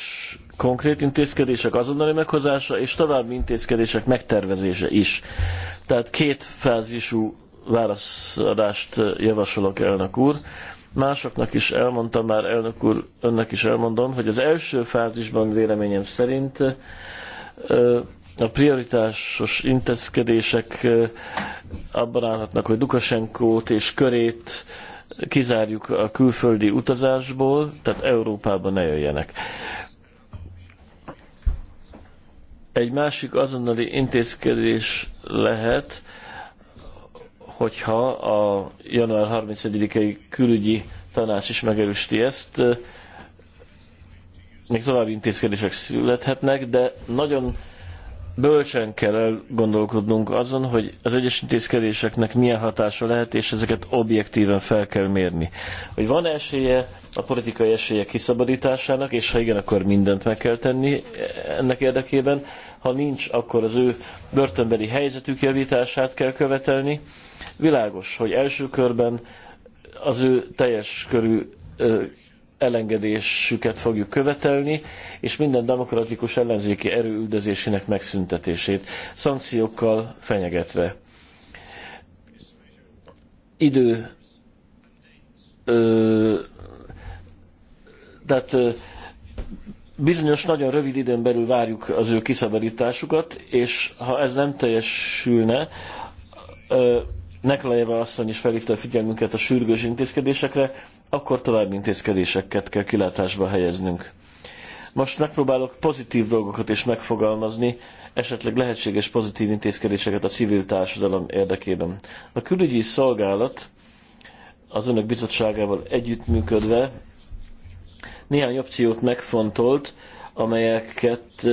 konkrét intézkedések azonnali meghozása és további intézkedések megtervezése is. Tehát két fázisú válaszadást javasolok elnök úr másoknak is elmondtam már, elnök úr, önnek is elmondom, hogy az első fázisban véleményem szerint a prioritásos intézkedések abban állhatnak, hogy Dukasenkót és körét kizárjuk a külföldi utazásból, tehát Európába ne jöjjenek. Egy másik azonnali intézkedés lehet, hogyha a január 31-i külügyi tanács is megerősíti ezt, még további intézkedések születhetnek, de nagyon bölcsen kell elgondolkodnunk azon, hogy az egyes intézkedéseknek milyen hatása lehet, és ezeket objektíven fel kell mérni. Hogy van esélye a politikai esélyek kiszabadításának, és ha igen, akkor mindent meg kell tenni ennek érdekében. Ha nincs, akkor az ő börtönbeli helyzetük javítását kell követelni. Világos, hogy első körben az ő teljes körű elengedésüket fogjuk követelni, és minden demokratikus ellenzéki erő üldözésének megszüntetését, szankciókkal fenyegetve. Idő. Ö, tehát ö, bizonyos nagyon rövid időn belül várjuk az ő kiszabadításukat, és ha ez nem teljesülne, ö, Neklajeva asszony is felhívta a figyelmünket a sürgős intézkedésekre, akkor további intézkedéseket kell kilátásba helyeznünk. Most megpróbálok pozitív dolgokat is megfogalmazni, esetleg lehetséges pozitív intézkedéseket a civil társadalom érdekében. A külügyi szolgálat az önök bizottságával együttműködve néhány opciót megfontolt, amelyeket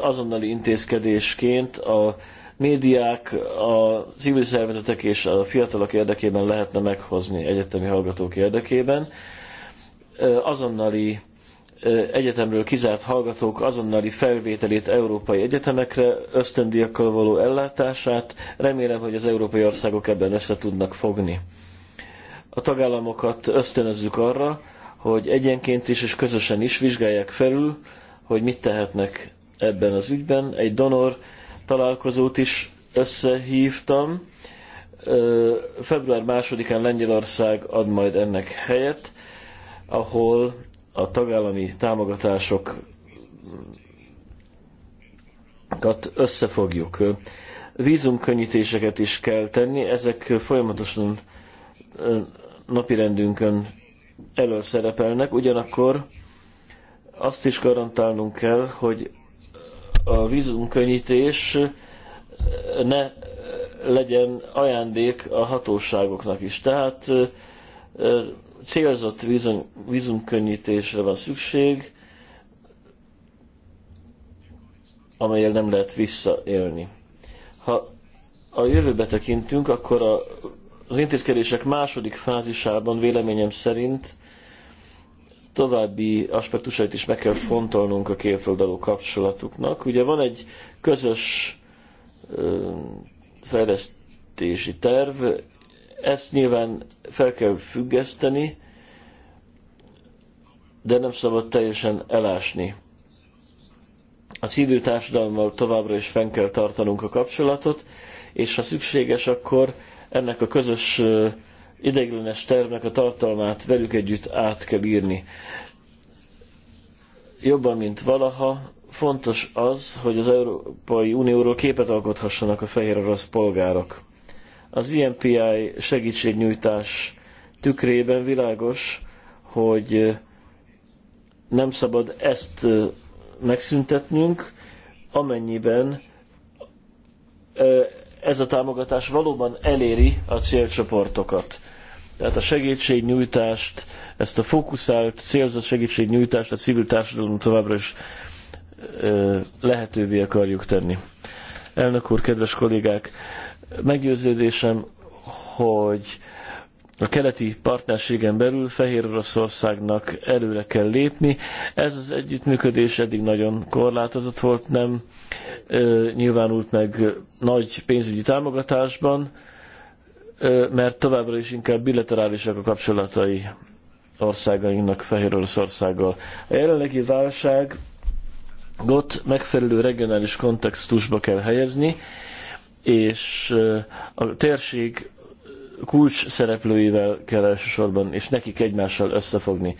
azonnali intézkedésként a médiák, a civil szervezetek és a fiatalok érdekében lehetne meghozni egyetemi hallgatók érdekében. Azonnali egyetemről kizárt hallgatók azonnali felvételét európai egyetemekre, ösztöndiakkal való ellátását. Remélem, hogy az európai országok ebben össze tudnak fogni. A tagállamokat ösztönözzük arra, hogy egyenként is és közösen is vizsgálják felül, hogy mit tehetnek ebben az ügyben. Egy donor találkozót is összehívtam. Február másodikán Lengyelország ad majd ennek helyet, ahol a tagállami támogatásokat összefogjuk. Vízumkönnyítéseket is kell tenni, ezek folyamatosan napirendünkön elől szerepelnek, ugyanakkor azt is garantálnunk kell, hogy a vízumkönnyítés ne legyen ajándék a hatóságoknak is. Tehát célzott vízumkönnyítésre van szükség, amelyel nem lehet visszaélni. Ha a jövőbe tekintünk, akkor a, az intézkedések második fázisában véleményem szerint további aspektusait is meg kell fontolnunk a két oldalú kapcsolatuknak. Ugye van egy közös fejlesztési terv, ezt nyilván fel kell függeszteni, de nem szabad teljesen elásni. A civil társadalommal továbbra is fenn kell tartanunk a kapcsolatot, és ha szükséges, akkor ennek a közös ideiglenes tervnek a tartalmát velük együtt át kell írni. Jobban, mint valaha, fontos az, hogy az Európai Unióról képet alkothassanak a fehér orosz polgárok. Az INPI segítségnyújtás tükrében világos, hogy nem szabad ezt megszüntetnünk, amennyiben ez a támogatás valóban eléri a célcsoportokat. Tehát a segítségnyújtást, ezt a fókuszált, célzott segítségnyújtást a civil társadalom továbbra is ö, lehetővé akarjuk tenni. Elnök úr, kedves kollégák, meggyőződésem, hogy a keleti partnerségen belül Fehér Oroszországnak előre kell lépni. Ez az együttműködés eddig nagyon korlátozott volt, nem ö, nyilvánult meg nagy pénzügyi támogatásban, mert továbbra is inkább bilaterálisak a kapcsolatai országainknak Fehér Oroszországgal. A jelenlegi válság megfelelő regionális kontextusba kell helyezni, és a térség kulcs szereplőivel kell elsősorban, és nekik egymással összefogni.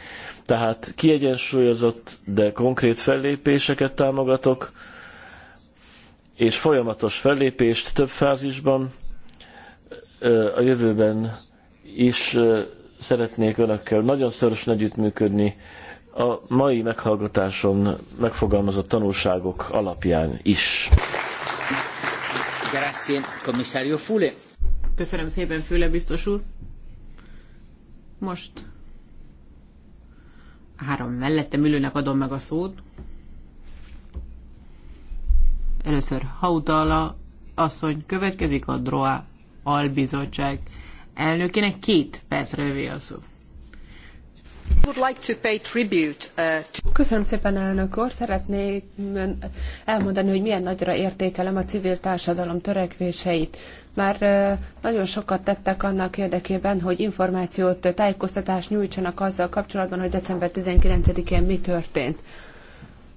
Tehát kiegyensúlyozott, de konkrét fellépéseket támogatok, és folyamatos fellépést több fázisban, a jövőben is szeretnék önökkel nagyon szorosan együttműködni a mai meghallgatáson megfogalmazott tanulságok alapján is. Grazie, commissario Fule. Köszönöm szépen, Füle biztos úr. Most három mellettem ülőnek adom meg a szót. Először Hautala asszony következik a Droa albizottság elnökének két percre övé a szó. Uh, Köszönöm szépen, elnök úr. Szeretnék elmondani, hogy milyen nagyra értékelem a civil társadalom törekvéseit. Már uh, nagyon sokat tettek annak érdekében, hogy információt, tájékoztatást nyújtsanak azzal kapcsolatban, hogy december 19-én mi történt.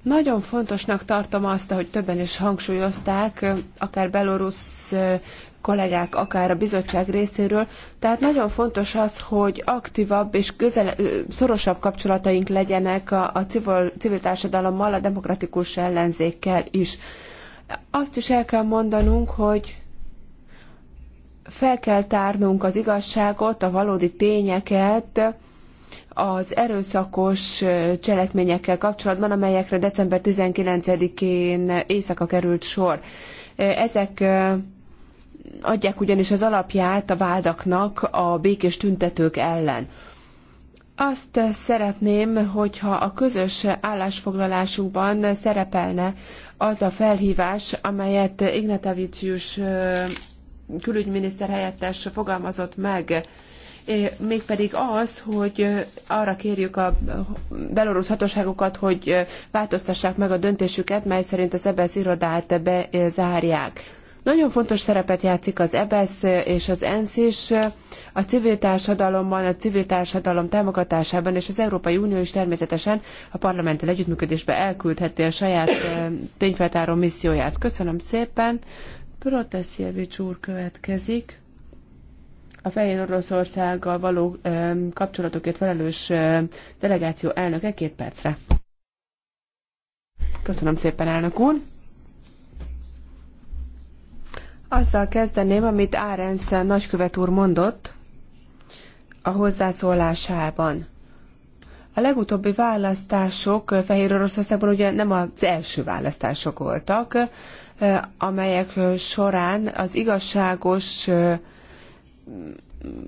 Nagyon fontosnak tartom azt, hogy többen is hangsúlyozták, akár belorusz uh, kollégák, akár a bizottság részéről. Tehát nagyon fontos az, hogy aktívabb és közel, szorosabb kapcsolataink legyenek a, a civil, civil társadalommal, a demokratikus ellenzékkel is. Azt is el kell mondanunk, hogy fel kell tárnunk az igazságot, a valódi tényeket, az erőszakos cselekményekkel kapcsolatban, amelyekre december 19-én éjszaka került sor. Ezek adják ugyanis az alapját a vádaknak a békés tüntetők ellen. Azt szeretném, hogyha a közös állásfoglalásunkban szerepelne az a felhívás, amelyet Ignatavicius külügyminiszter helyettes fogalmazott meg, mégpedig az, hogy arra kérjük a belorusz hatóságokat, hogy változtassák meg a döntésüket, mely szerint a ebesz irodát bezárják nagyon fontos szerepet játszik az EBSZ e és az ENSZ is a civil társadalomban, a civil társadalom támogatásában, és az Európai Unió is természetesen a parlamenttel együttműködésbe elküldheti a saját tényfeltáró misszióját. Köszönöm szépen. Protesjevics úr következik a Fehér Oroszországgal való kapcsolatokért felelős delegáció elnöke két percre. Köszönöm szépen, elnök úr! Azzal kezdeném, amit Árensz nagykövet úr mondott a hozzászólásában. A legutóbbi választások Fehér Oroszországban ugye nem az első választások voltak, amelyek során az igazságos,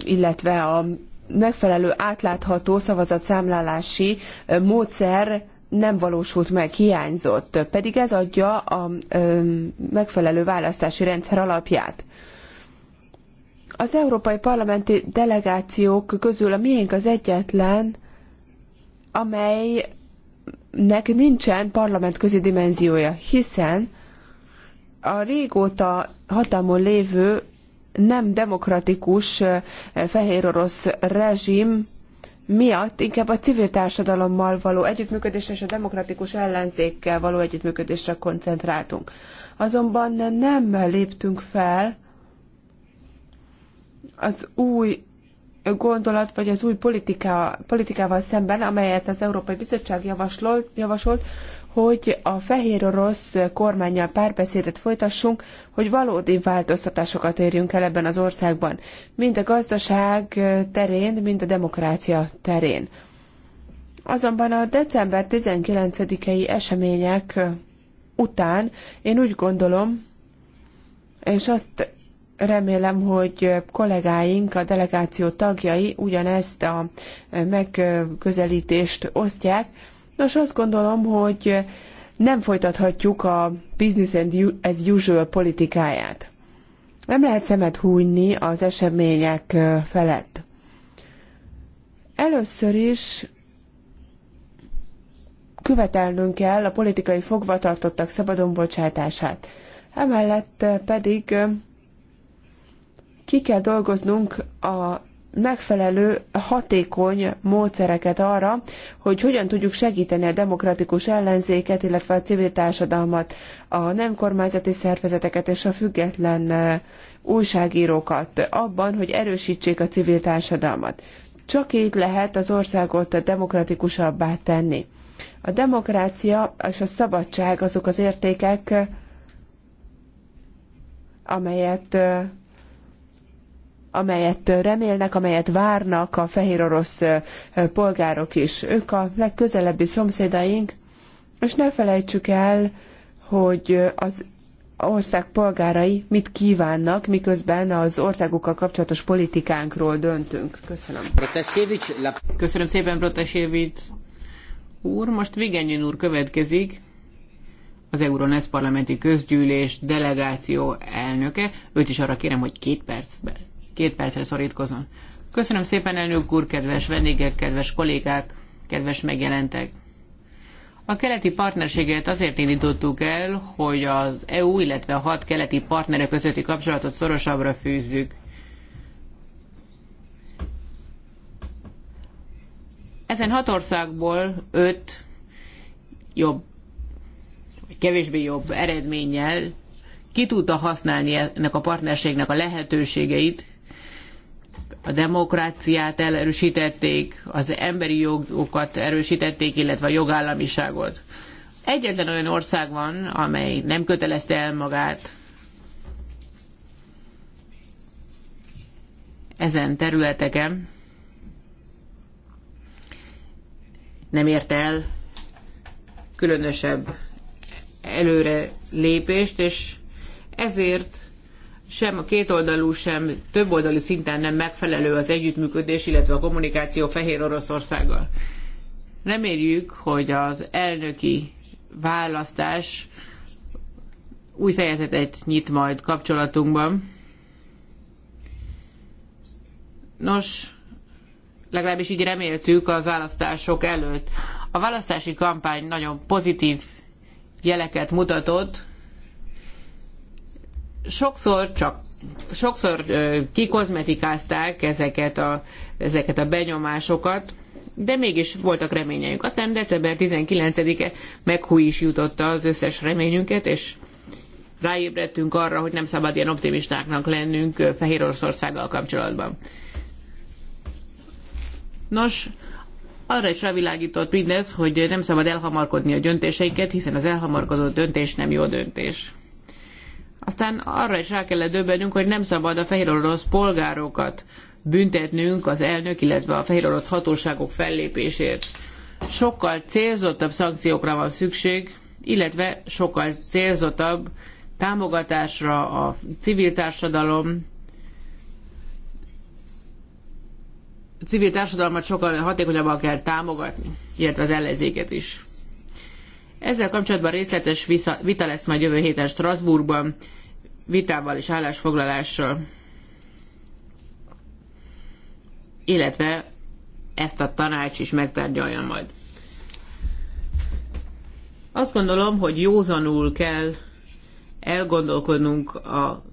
illetve a megfelelő átlátható szavazatszámlálási módszer nem valósult meg, hiányzott, pedig ez adja a megfelelő választási rendszer alapját. Az európai parlamenti delegációk közül a miénk az egyetlen, amelynek nincsen parlamentközi dimenziója, hiszen a régóta hatalmon lévő nem demokratikus fehérorosz rezsim miatt inkább a civil társadalommal való együttműködésre és a demokratikus ellenzékkel való együttműködésre koncentráltunk. Azonban nem léptünk fel az új gondolat, vagy az új politika, politikával szemben, amelyet az Európai Bizottság javasolt, javasolt hogy a fehér orosz kormányjal párbeszédet folytassunk, hogy valódi változtatásokat érjünk el ebben az országban, mind a gazdaság terén, mind a demokrácia terén. Azonban a december 19-i események után én úgy gondolom, és azt remélem, hogy kollégáink, a delegáció tagjai ugyanezt a megközelítést osztják, Nos, azt gondolom, hogy nem folytathatjuk a business as usual politikáját. Nem lehet szemet hújni az események felett. Először is követelnünk kell a politikai fogvatartottak szabadon bocsátását. Emellett pedig ki kell dolgoznunk a megfelelő, hatékony módszereket arra, hogy hogyan tudjuk segíteni a demokratikus ellenzéket, illetve a civil társadalmat, a nem kormányzati szervezeteket és a független újságírókat abban, hogy erősítsék a civil társadalmat. Csak így lehet az országot demokratikusabbá tenni. A demokrácia és a szabadság azok az értékek, amelyet amelyet remélnek, amelyet várnak a fehér orosz polgárok is. Ők a legközelebbi szomszédaink, és ne felejtsük el, hogy az ország polgárai mit kívánnak, miközben az országukkal kapcsolatos politikánkról döntünk. Köszönöm. Köszönöm szépen, Protasevics úr. Most Vigenyin úr következik, az Euronesz parlamenti közgyűlés delegáció elnöke. Őt is arra kérem, hogy két percben két percre szorítkozom. Köszönöm szépen, elnök úr, kedves vendégek, kedves kollégák, kedves megjelentek. A keleti partnerséget azért indítottuk el, hogy az EU, illetve a hat keleti partnere közötti kapcsolatot szorosabbra fűzzük. Ezen hat országból öt jobb, vagy kevésbé jobb eredménnyel ki tudta használni ennek a partnerségnek a lehetőségeit, a demokráciát erősítették, az emberi jogokat erősítették, illetve a jogállamiságot. Egyetlen olyan ország van, amely nem kötelezte el magát ezen területeken, nem ért el különösebb előre lépést, és ezért sem a kétoldalú, sem többoldalú szinten nem megfelelő az együttműködés, illetve a kommunikáció Fehér Oroszországgal. Reméljük, hogy az elnöki választás új fejezetet nyit majd kapcsolatunkban. Nos, legalábbis így reméltük a választások előtt. A választási kampány nagyon pozitív jeleket mutatott, sokszor csak sokszor kikozmetikázták ezeket a, ezeket a benyomásokat, de mégis voltak reményeink. Aztán december 19-e meghú is jutotta az összes reményünket, és ráébredtünk arra, hogy nem szabad ilyen optimistáknak lennünk Fehér Oroszországgal kapcsolatban. Nos, arra is rávilágított mindez, hogy nem szabad elhamarkodni a döntéseiket, hiszen az elhamarkodott döntés nem jó döntés. Aztán arra is rá kellett döbbenünk, hogy nem szabad a fehér orosz polgárokat büntetnünk az elnök, illetve a fehér orosz hatóságok fellépésért. Sokkal célzottabb szankciókra van szükség, illetve sokkal célzottabb támogatásra a civil társadalom, a civil társadalmat sokkal hatékonyabban kell támogatni, illetve az ellenzéket is. Ezzel kapcsolatban részletes vita lesz majd jövő héten Strasbourgban, vitával és állásfoglalással. Illetve ezt a tanács is megtárgyalja majd. Azt gondolom, hogy józanul kell elgondolkodnunk a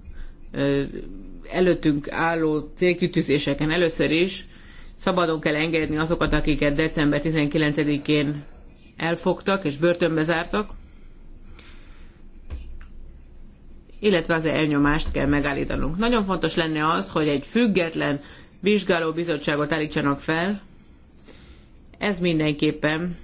előttünk álló célkütőzéseken először is, szabadon kell engedni azokat, akiket december 19-én elfogtak és börtönbe zártak, illetve az elnyomást kell megállítanunk. Nagyon fontos lenne az, hogy egy független vizsgáló bizottságot állítsanak fel. Ez mindenképpen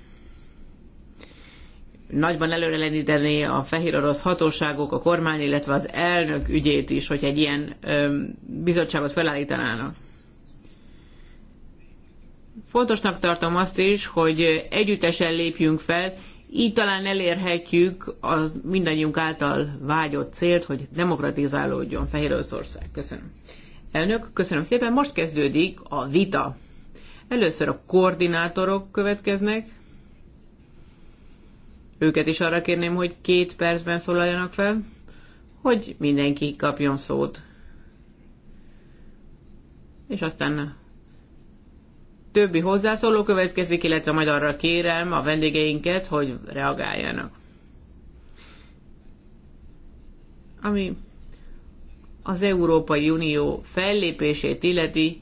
nagyban előre a fehér orosz hatóságok, a kormány, illetve az elnök ügyét is, hogy egy ilyen ö, bizottságot felállítanának. Fontosnak tartom azt is, hogy együttesen lépjünk fel, így talán elérhetjük az mindannyiunk által vágyott célt, hogy demokratizálódjon Fehéroroszország. Köszönöm. Elnök, köszönöm szépen. Most kezdődik a vita. Először a koordinátorok következnek. Őket is arra kérném, hogy két percben szólaljanak fel, hogy mindenki kapjon szót. És aztán többi hozzászóló következik, illetve majd arra kérem a vendégeinket, hogy reagáljanak. Ami az Európai Unió fellépését illeti,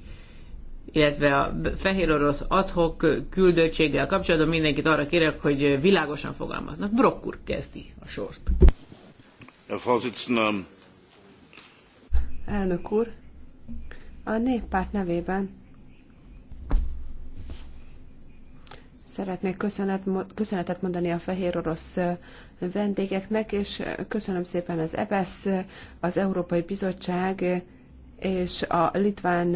illetve a fehér orosz adhok küldöttséggel kapcsolatban mindenkit arra kérek, hogy világosan fogalmaznak. Brokkur úr kezdi a sort. Elnök úr, a néppárt nevében Szeretnék köszönet, köszönetet mondani a fehér orosz vendégeknek, és köszönöm szépen az EBESZ, az Európai Bizottság és a litván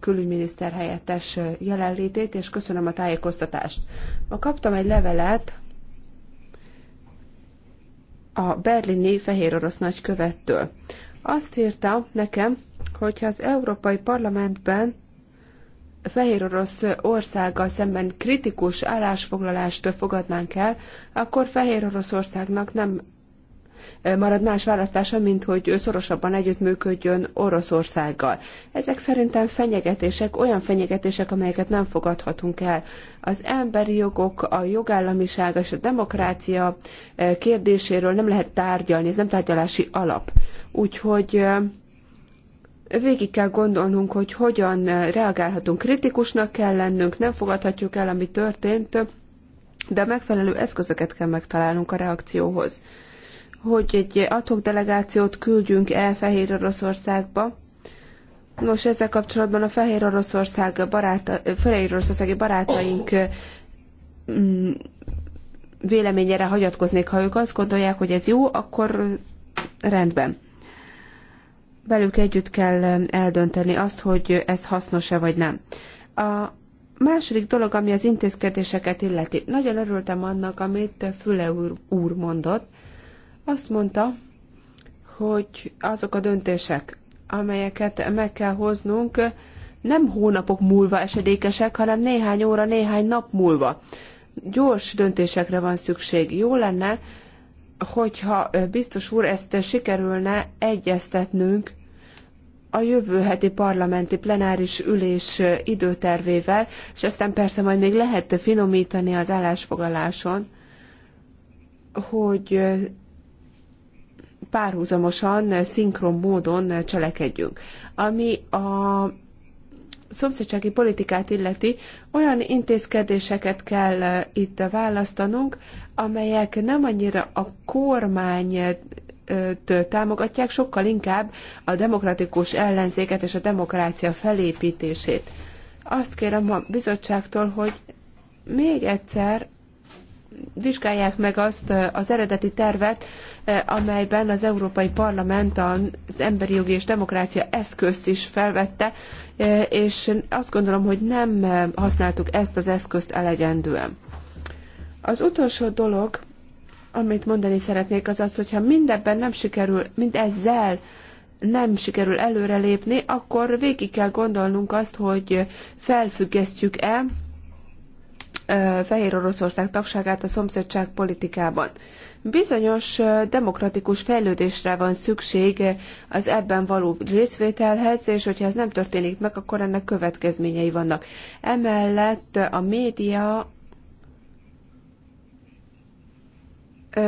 külügyminiszter helyettes jelenlétét, és köszönöm a tájékoztatást. Ma kaptam egy levelet a berlini fehér orosz nagykövettől. Azt írta nekem, hogy az Európai Parlamentben Fehér Orosz országgal szemben kritikus állásfoglalást fogadnánk el, akkor Fehér Oroszországnak nem marad más választása, mint hogy szorosabban együttműködjön Oroszországgal. Ezek szerintem fenyegetések, olyan fenyegetések, amelyeket nem fogadhatunk el. Az emberi jogok, a jogállamiság és a demokrácia kérdéséről nem lehet tárgyalni, ez nem tárgyalási alap. Úgyhogy végig kell gondolnunk, hogy hogyan reagálhatunk. Kritikusnak kell lennünk, nem fogadhatjuk el, ami történt, de megfelelő eszközöket kell megtalálnunk a reakcióhoz. Hogy egy adhok delegációt küldjünk el Fehér Oroszországba, Nos, ezzel kapcsolatban a Fehér Oroszország baráta, Fehér Oroszországi barátaink mm, véleményére hagyatkoznék, ha ők azt gondolják, hogy ez jó, akkor rendben velük együtt kell eldönteni azt, hogy ez hasznos-e vagy nem. A második dolog, ami az intézkedéseket illeti. Nagyon örültem annak, amit Füle úr, úr mondott. Azt mondta, hogy azok a döntések, amelyeket meg kell hoznunk, nem hónapok múlva esedékesek, hanem néhány óra, néhány nap múlva. Gyors döntésekre van szükség. Jó lenne, hogyha biztos úr ezt sikerülne egyeztetnünk a jövő heti parlamenti plenáris ülés időtervével, és aztán persze majd még lehet finomítani az állásfoglaláson, hogy párhuzamosan, szinkron módon cselekedjünk. Ami a szomszédsági politikát illeti, olyan intézkedéseket kell itt választanunk, amelyek nem annyira a kormány támogatják, sokkal inkább a demokratikus ellenzéket és a demokrácia felépítését. Azt kérem a bizottságtól, hogy még egyszer vizsgálják meg azt az eredeti tervet, amelyben az Európai Parlament az emberi jogi és demokrácia eszközt is felvette, E, és azt gondolom, hogy nem e, használtuk ezt az eszközt elegendően. Az utolsó dolog, amit mondani szeretnék, az az, hogyha mindebben nem sikerül, mind ezzel nem sikerül előrelépni, akkor végig kell gondolnunk azt, hogy felfüggesztjük-e Fehér Oroszország tagságát a szomszédság politikában. Bizonyos demokratikus fejlődésre van szükség az ebben való részvételhez, és hogyha ez nem történik meg, akkor ennek következményei vannak. Emellett a média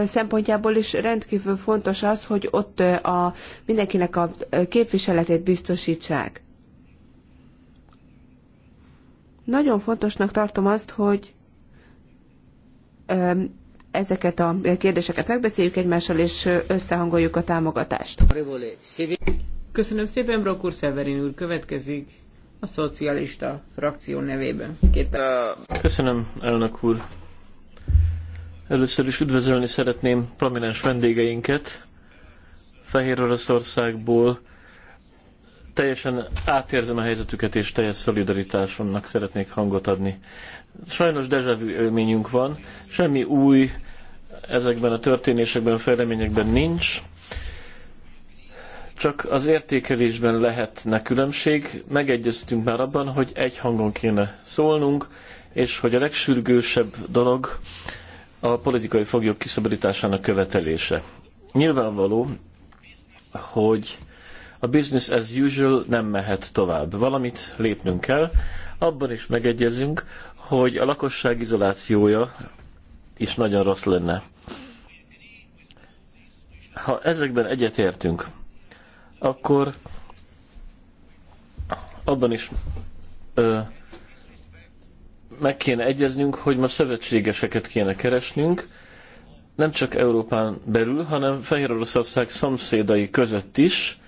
szempontjából is rendkívül fontos az, hogy ott a, mindenkinek a képviseletét biztosítsák. Nagyon fontosnak tartom azt, hogy ezeket a kérdéseket megbeszéljük egymással, és összehangoljuk a támogatást. Köszönöm szépen, Brokur úr Severin úr következik a szocialista frakció nevében. Két Köszönöm, elnök úr. Először is üdvözölni szeretném prominens vendégeinket Fehér Oroszországból, teljesen átérzem a helyzetüket, és teljes szolidaritásomnak szeretnék hangot adni. Sajnos dejavű élményünk van, semmi új ezekben a történésekben, a fejleményekben nincs, csak az értékelésben lehetne különbség. Megegyeztünk már abban, hogy egy hangon kéne szólnunk, és hogy a legsürgősebb dolog a politikai foglyok kiszabadításának követelése. Nyilvánvaló, hogy a business as usual nem mehet tovább. Valamit lépnünk kell. Abban is megegyezünk, hogy a lakosság izolációja is nagyon rossz lenne. Ha ezekben egyetértünk, akkor abban is ö, meg kéne egyeznünk, hogy ma szövetségeseket kéne keresnünk, nem csak Európán belül, hanem Fehér Oroszország szomszédai között is,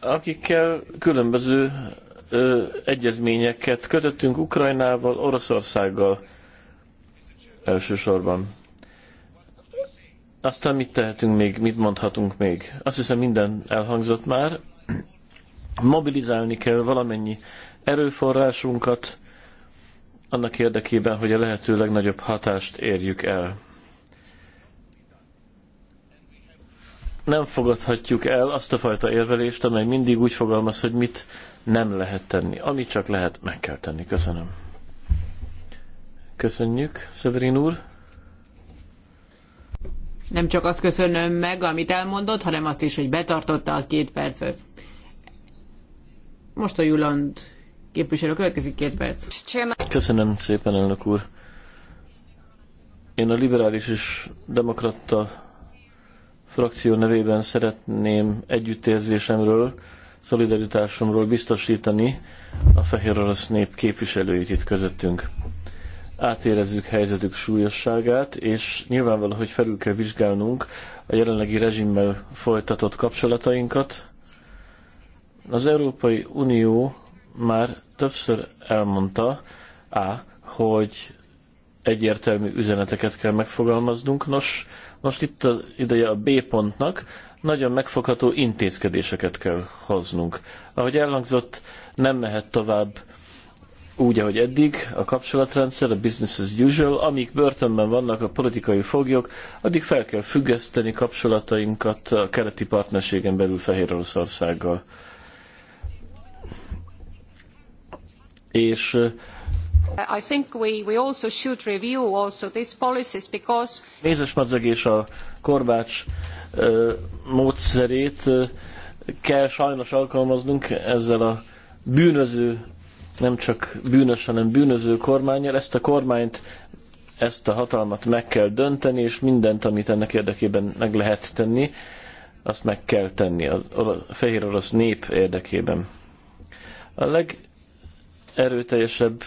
akikkel különböző ö, egyezményeket kötöttünk Ukrajnával, Oroszországgal elsősorban. Aztán mit tehetünk még, mit mondhatunk még? Azt hiszem minden elhangzott már. Mobilizálni kell valamennyi erőforrásunkat annak érdekében, hogy a lehető legnagyobb hatást érjük el. nem fogadhatjuk el azt a fajta érvelést, amely mindig úgy fogalmaz, hogy mit nem lehet tenni. Amit csak lehet, meg kell tenni. Köszönöm. Köszönjük, Severin úr. Nem csak azt köszönöm meg, amit elmondott, hanem azt is, hogy betartotta a két percet. Most a Juland képviselő következik két perc. Köszönöm szépen, elnök úr. Én a liberális és demokrata frakció nevében szeretném együttérzésemről, szolidaritásomról biztosítani a fehér orosz nép képviselőit itt közöttünk. Átérezzük helyzetük súlyosságát, és nyilvánvaló, hogy felül kell vizsgálnunk a jelenlegi rezsimmel folytatott kapcsolatainkat. Az Európai Unió már többször elmondta, á, hogy egyértelmű üzeneteket kell megfogalmaznunk. Nos, most itt az ideje a B pontnak, nagyon megfogható intézkedéseket kell hoznunk. Ahogy elhangzott, nem mehet tovább úgy, ahogy eddig, a kapcsolatrendszer, a business as usual, amíg börtönben vannak a politikai foglyok, addig fel kell függeszteni kapcsolatainkat a keleti partnerségen belül Fehér Oroszországgal. És I think we, we also should review also these policies because... madzag és a korbács módszerét kell sajnos alkalmaznunk ezzel a bűnöző, nem csak bűnös, hanem bűnöző kormányjal. Ezt a kormányt, ezt a hatalmat meg kell dönteni, és mindent, amit ennek érdekében meg lehet tenni, azt meg kell tenni a fehér orosz nép érdekében. A legerőteljesebb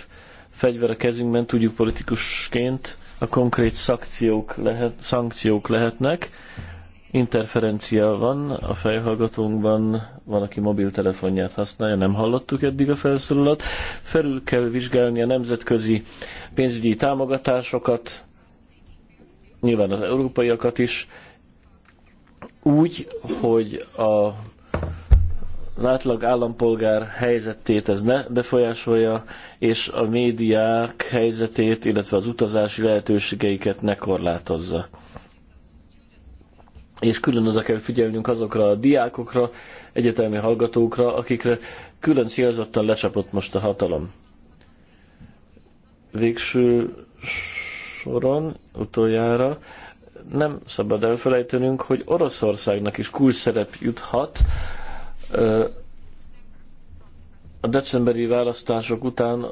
fegyver a kezünkben, tudjuk politikusként, a konkrét szankciók, lehet, szankciók lehetnek. Interferencia van, a fejhallgatónkban van, aki mobiltelefonját használja, nem hallottuk eddig a felszólalat. Felül kell vizsgálni a nemzetközi pénzügyi támogatásokat, nyilván az európaiakat is, úgy, hogy a átlag állampolgár helyzetét ez ne befolyásolja, és a médiák helyzetét, illetve az utazási lehetőségeiket ne korlátozza. És külön oda kell figyelnünk azokra a diákokra, egyetemi hallgatókra, akikre külön célzottan lecsapott most a hatalom. Végső soron, utoljára, nem szabad elfelejtenünk, hogy Oroszországnak is kulcs szerep juthat, a decemberi választások után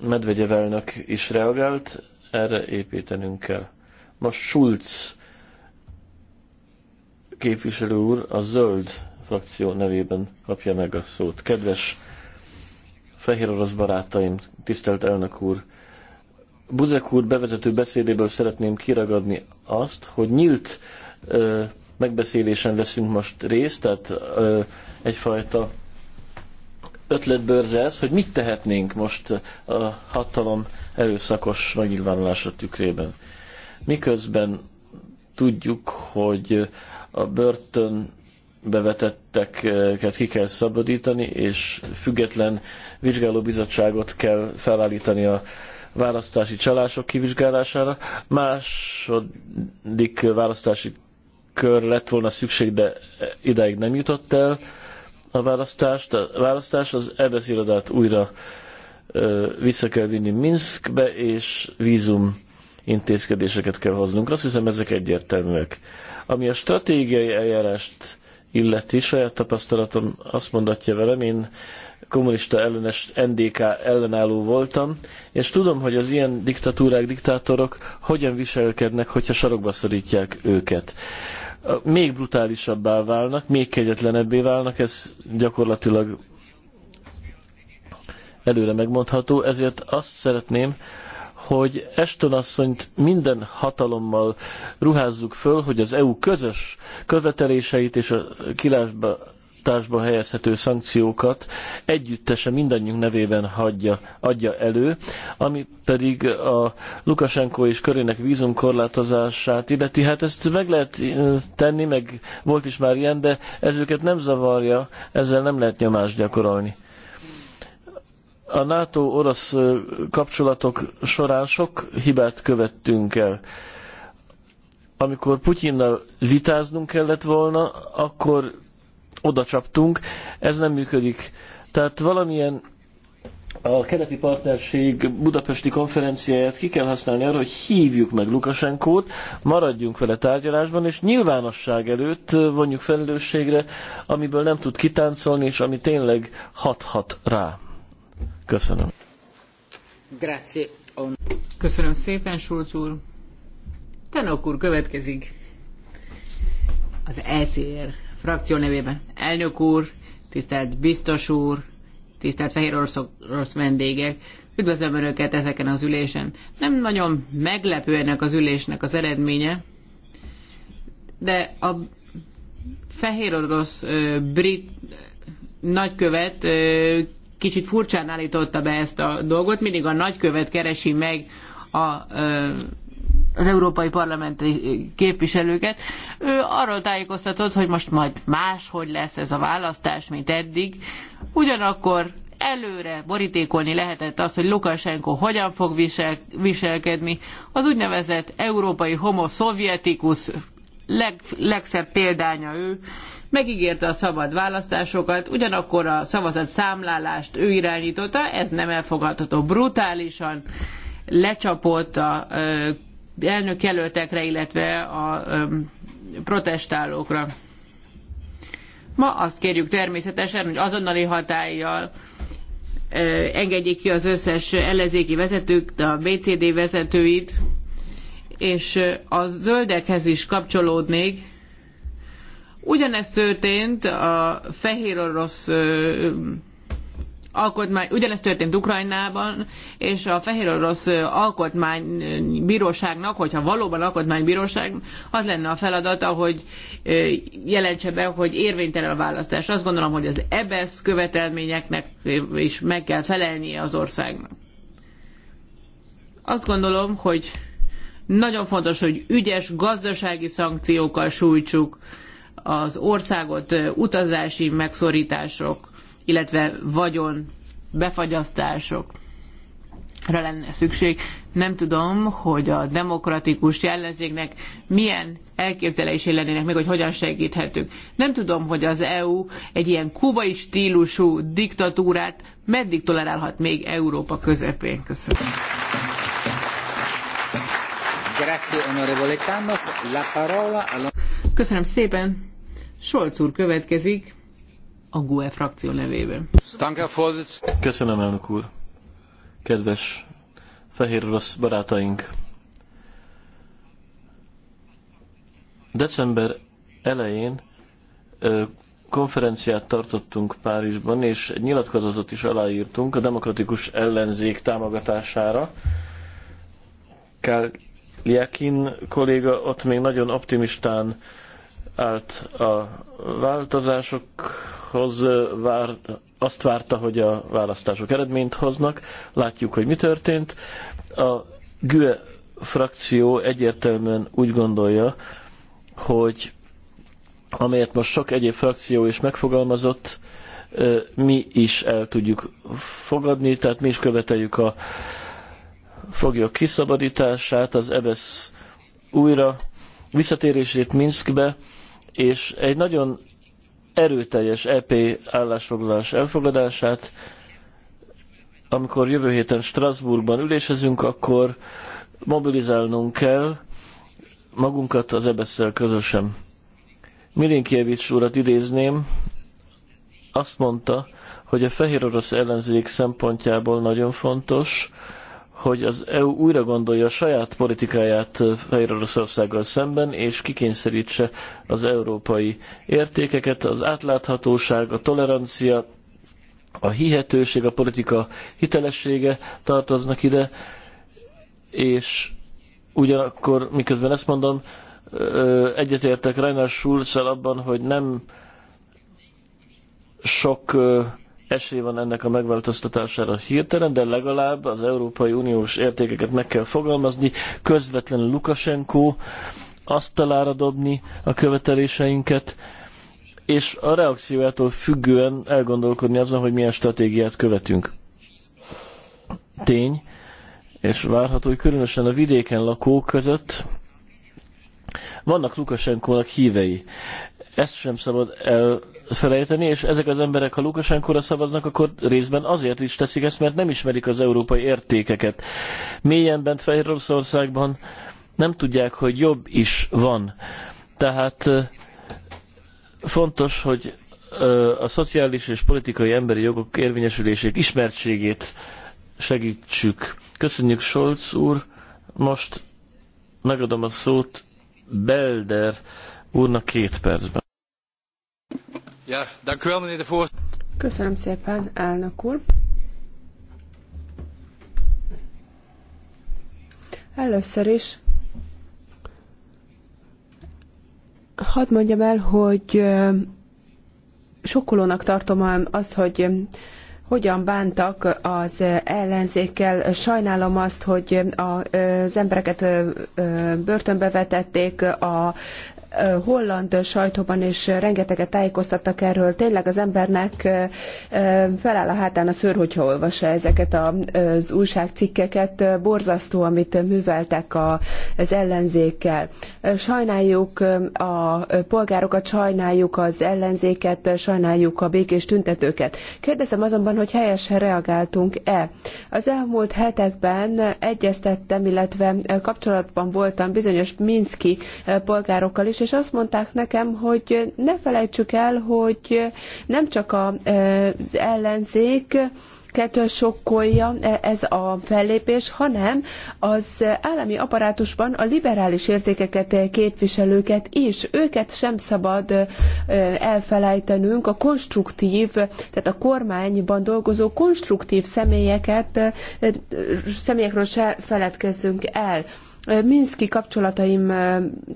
Medvegyev elnök is reagált, erre építenünk kell. Most Schulz képviselő úr a zöld frakció nevében kapja meg a szót. Kedves fehér orosz barátaim, tisztelt elnök úr, Buzek úr bevezető beszédéből szeretném kiragadni azt, hogy nyílt ö, megbeszélésen veszünk most részt, tehát ö, egyfajta ötletbörze ez, hogy mit tehetnénk most a hatalom erőszakos megnyilvánulása tükrében. Miközben tudjuk, hogy a börtön bevetetteket ki kell szabadítani, és független vizsgálóbizottságot kell felállítani a választási csalások kivizsgálására. Második választási kör lett volna szükség, de idáig nem jutott el a választást. A választás az Ebesz irodát újra vissza kell vinni Minskbe, és vízum intézkedéseket kell hoznunk. Azt hiszem, ezek egyértelműek. Ami a stratégiai eljárást illeti, saját tapasztalatom azt mondatja velem, én kommunista ellenes NDK ellenálló voltam, és tudom, hogy az ilyen diktatúrák, diktátorok hogyan viselkednek, hogyha sarokba szorítják őket még brutálisabbá válnak, még kegyetlenebbé válnak, ez gyakorlatilag előre megmondható, ezért azt szeretném, hogy Eston asszonyt minden hatalommal ruházzuk föl, hogy az EU közös követeléseit és a kilásba társba helyezhető szankciókat együttesen mindannyiunk nevében hagyja, adja elő, ami pedig a Lukasenko és körének vízumkorlátozását illeti. Hát ezt meg lehet tenni, meg volt is már ilyen, de ez őket nem zavarja, ezzel nem lehet nyomást gyakorolni a NATO-orosz kapcsolatok során sok hibát követtünk el. Amikor Putyinnal vitáznunk kellett volna, akkor oda csaptunk, ez nem működik. Tehát valamilyen a keleti partnerség budapesti konferenciáját ki kell használni arra, hogy hívjuk meg Lukasenkót, maradjunk vele tárgyalásban, és nyilvánosság előtt vonjuk felelősségre, amiből nem tud kitáncolni, és ami tényleg hathat rá. Köszönöm. Grazie. Köszönöm szépen, Sulc úr. Tenok úr, következik az ECR frakció nevében. Elnök úr, tisztelt biztos úr, tisztelt fehér orosz vendégek, üdvözlöm Önöket ezeken az ülésen. Nem nagyon meglepő ennek az ülésnek az eredménye, de a fehér orosz ö, brit nagykövet ö, kicsit furcsán állította be ezt a dolgot, mindig a nagykövet keresi meg a ö, az európai parlamenti képviselőket. Ő arról tájékoztatott, hogy most majd máshogy lesz ez a választás, mint eddig. Ugyanakkor előre borítékolni lehetett az, hogy Lukasenko hogyan fog visel, viselkedni. Az úgynevezett európai homo szovjetikus leg, legszebb példánya ő. Megígérte a szabad választásokat, ugyanakkor a szavazat számlálást ő irányította, ez nem elfogadható. Brutálisan lecsapott a elnök jelöltekre, illetve a protestálókra. Ma azt kérjük természetesen, hogy azonnali hatállyal engedjék ki az összes ellenzéki vezetőt, a BCD vezetőit, és a zöldekhez is kapcsolódnék. Ugyanezt történt a fehér orosz alkotmány, ugyanezt történt Ukrajnában, és a Fehér Orosz Alkotmánybíróságnak, hogyha valóban alkotmánybíróság, az lenne a feladata, hogy jelentse be, hogy érvénytelen a választás. Azt gondolom, hogy az EBSZ követelményeknek is meg kell felelnie az országnak. Azt gondolom, hogy nagyon fontos, hogy ügyes gazdasági szankciókkal sújtsuk az országot utazási megszorítások illetve vagyon befagyasztásokra lenne szükség. Nem tudom, hogy a demokratikus jellezéknek milyen elképzelési lennének meg, hogy hogyan segíthetünk. Nem tudom, hogy az EU egy ilyen kubai stílusú diktatúrát meddig tolerálhat még Európa közepén. Köszönöm. Köszönöm szépen. Solc úr következik a GUE frakció nevében. Köszönöm, elnök úr. Kedves fehér rossz barátaink. December elején konferenciát tartottunk Párizsban, és egy nyilatkozatot is aláírtunk a demokratikus ellenzék támogatására. Kál Liakin kolléga ott még nagyon optimistán állt a változások választásokhoz vár, azt várta, hogy a választások eredményt hoznak. Látjuk, hogy mi történt. A GUE frakció egyértelműen úgy gondolja, hogy amelyet most sok egyéb frakció is megfogalmazott, mi is el tudjuk fogadni, tehát mi is követeljük a foglyok kiszabadítását, az EBSZ e újra visszatérését Minskbe, és egy nagyon erőteljes EP állásfoglalás elfogadását. Amikor jövő héten Strasbourgban ülésezünk, akkor mobilizálnunk kell magunkat az ebesszel közösen. Milinkievics urat idézném, azt mondta, hogy a fehér orosz ellenzék szempontjából nagyon fontos, hogy az EU újra gondolja a saját politikáját eh, Fehér Oroszországgal szemben, és kikényszerítse az európai értékeket, az átláthatóság, a tolerancia, a hihetőség, a politika hitelessége tartoznak ide, és ugyanakkor, miközben ezt mondom, eh, egyetértek Reiner schulz abban, hogy nem sok eh, esély van ennek a megváltoztatására hirtelen, de legalább az Európai Uniós értékeket meg kell fogalmazni, közvetlenül Lukasenko asztalára dobni a követeléseinket, és a reakciójától függően elgondolkodni azon, hogy milyen stratégiát követünk. Tény, és várható, hogy különösen a vidéken lakók között vannak Lukasenkónak hívei. Ezt sem szabad el felejteni, és ezek az emberek, ha Lukasánkóra szavaznak, akkor részben azért is teszik ezt, mert nem ismerik az európai értékeket. Mélyen bent Fehér nem tudják, hogy jobb is van. Tehát fontos, hogy a szociális és politikai emberi jogok érvényesülését, ismertségét segítsük. Köszönjük, Scholz úr! Most megadom a szót Belder úrnak két percben. Ja, dank u wel, meneer de voorzitter. Köszönöm szépen, elnök úr. Először is hadd mondjam el, hogy sokkolónak tartom azt, hogy hogyan bántak az ellenzékkel. Sajnálom azt, hogy az embereket börtönbe vetették, a holland sajtóban is rengeteget tájékoztattak erről. Tényleg az embernek feláll a hátán a szőr, hogyha olvassa ezeket az újságcikkeket. Borzasztó, amit műveltek az ellenzékkel. Sajnáljuk a polgárokat, sajnáljuk az ellenzéket, sajnáljuk a békés tüntetőket. Kérdezem azonban, hogy helyesen reagáltunk-e. Az elmúlt hetekben egyeztettem, illetve kapcsolatban voltam bizonyos Minszki polgárokkal is, és azt mondták nekem, hogy ne felejtsük el, hogy nem csak az ellenzék, kettől sokkolja ez a fellépés, hanem az állami apparátusban a liberális értékeket képviselőket is, őket sem szabad elfelejtenünk, a konstruktív, tehát a kormányban dolgozó konstruktív személyeket, személyekről se feledkezzünk el. Minszki kapcsolataim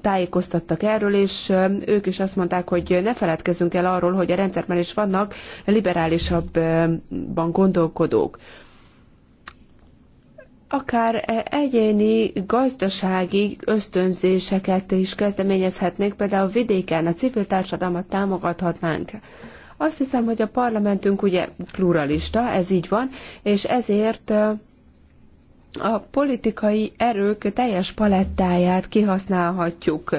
tájékoztattak erről, és ők is azt mondták, hogy ne feledkezzünk el arról, hogy a rendszerben is vannak liberálisabban gondolkodók akár egyéni gazdasági ösztönzéseket is kezdeményezhetnénk, például vidéken a civil társadalmat támogathatnánk. Azt hiszem, hogy a parlamentünk ugye pluralista, ez így van, és ezért a politikai erők teljes palettáját kihasználhatjuk.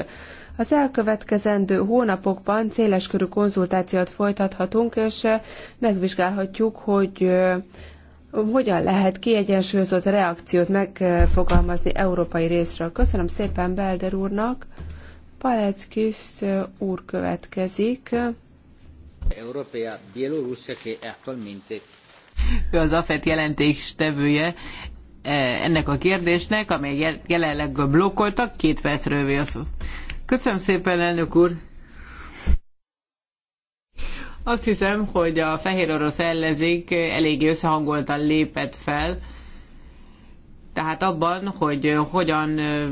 Az elkövetkezendő hónapokban széleskörű konzultációt folytathatunk, és eh, megvizsgálhatjuk, hogy eh, hogyan lehet kiegyensúlyozott reakciót megfogalmazni európai részről. Köszönöm szépen Belder úrnak. Paleckis eh, úr következik. Európea, Bielorussia, que actualmente ő az AFET jelentéstevője E, ennek a kérdésnek, amely jelenleg blokkoltak. Két percre övé a szó. Köszönöm szépen, elnök úr! Azt hiszem, hogy a fehér orosz ellenzék eléggé összehangoltan lépett fel, tehát abban, hogy hogyan e,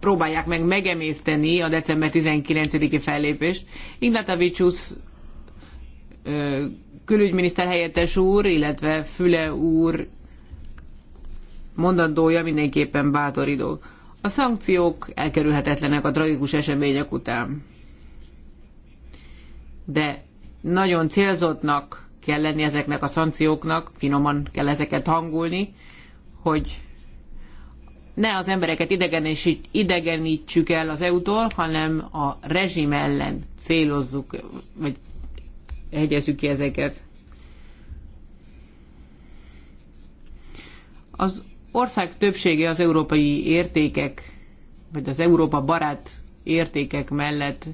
próbálják meg megemészteni a december 19-i fellépést. Ignatavicsus e, külügyminiszter helyettes úr, illetve Füle úr mondandója mindenképpen bátorító. A szankciók elkerülhetetlenek a tragikus események után. De nagyon célzottnak kell lenni ezeknek a szankcióknak, finoman kell ezeket hangulni hogy ne az embereket idegenítsük el az EU-tól, hanem a rezsim ellen célozzuk, vagy hegyezzük ki ezeket. Az ország többsége az európai értékek, vagy az Európa barát értékek mellett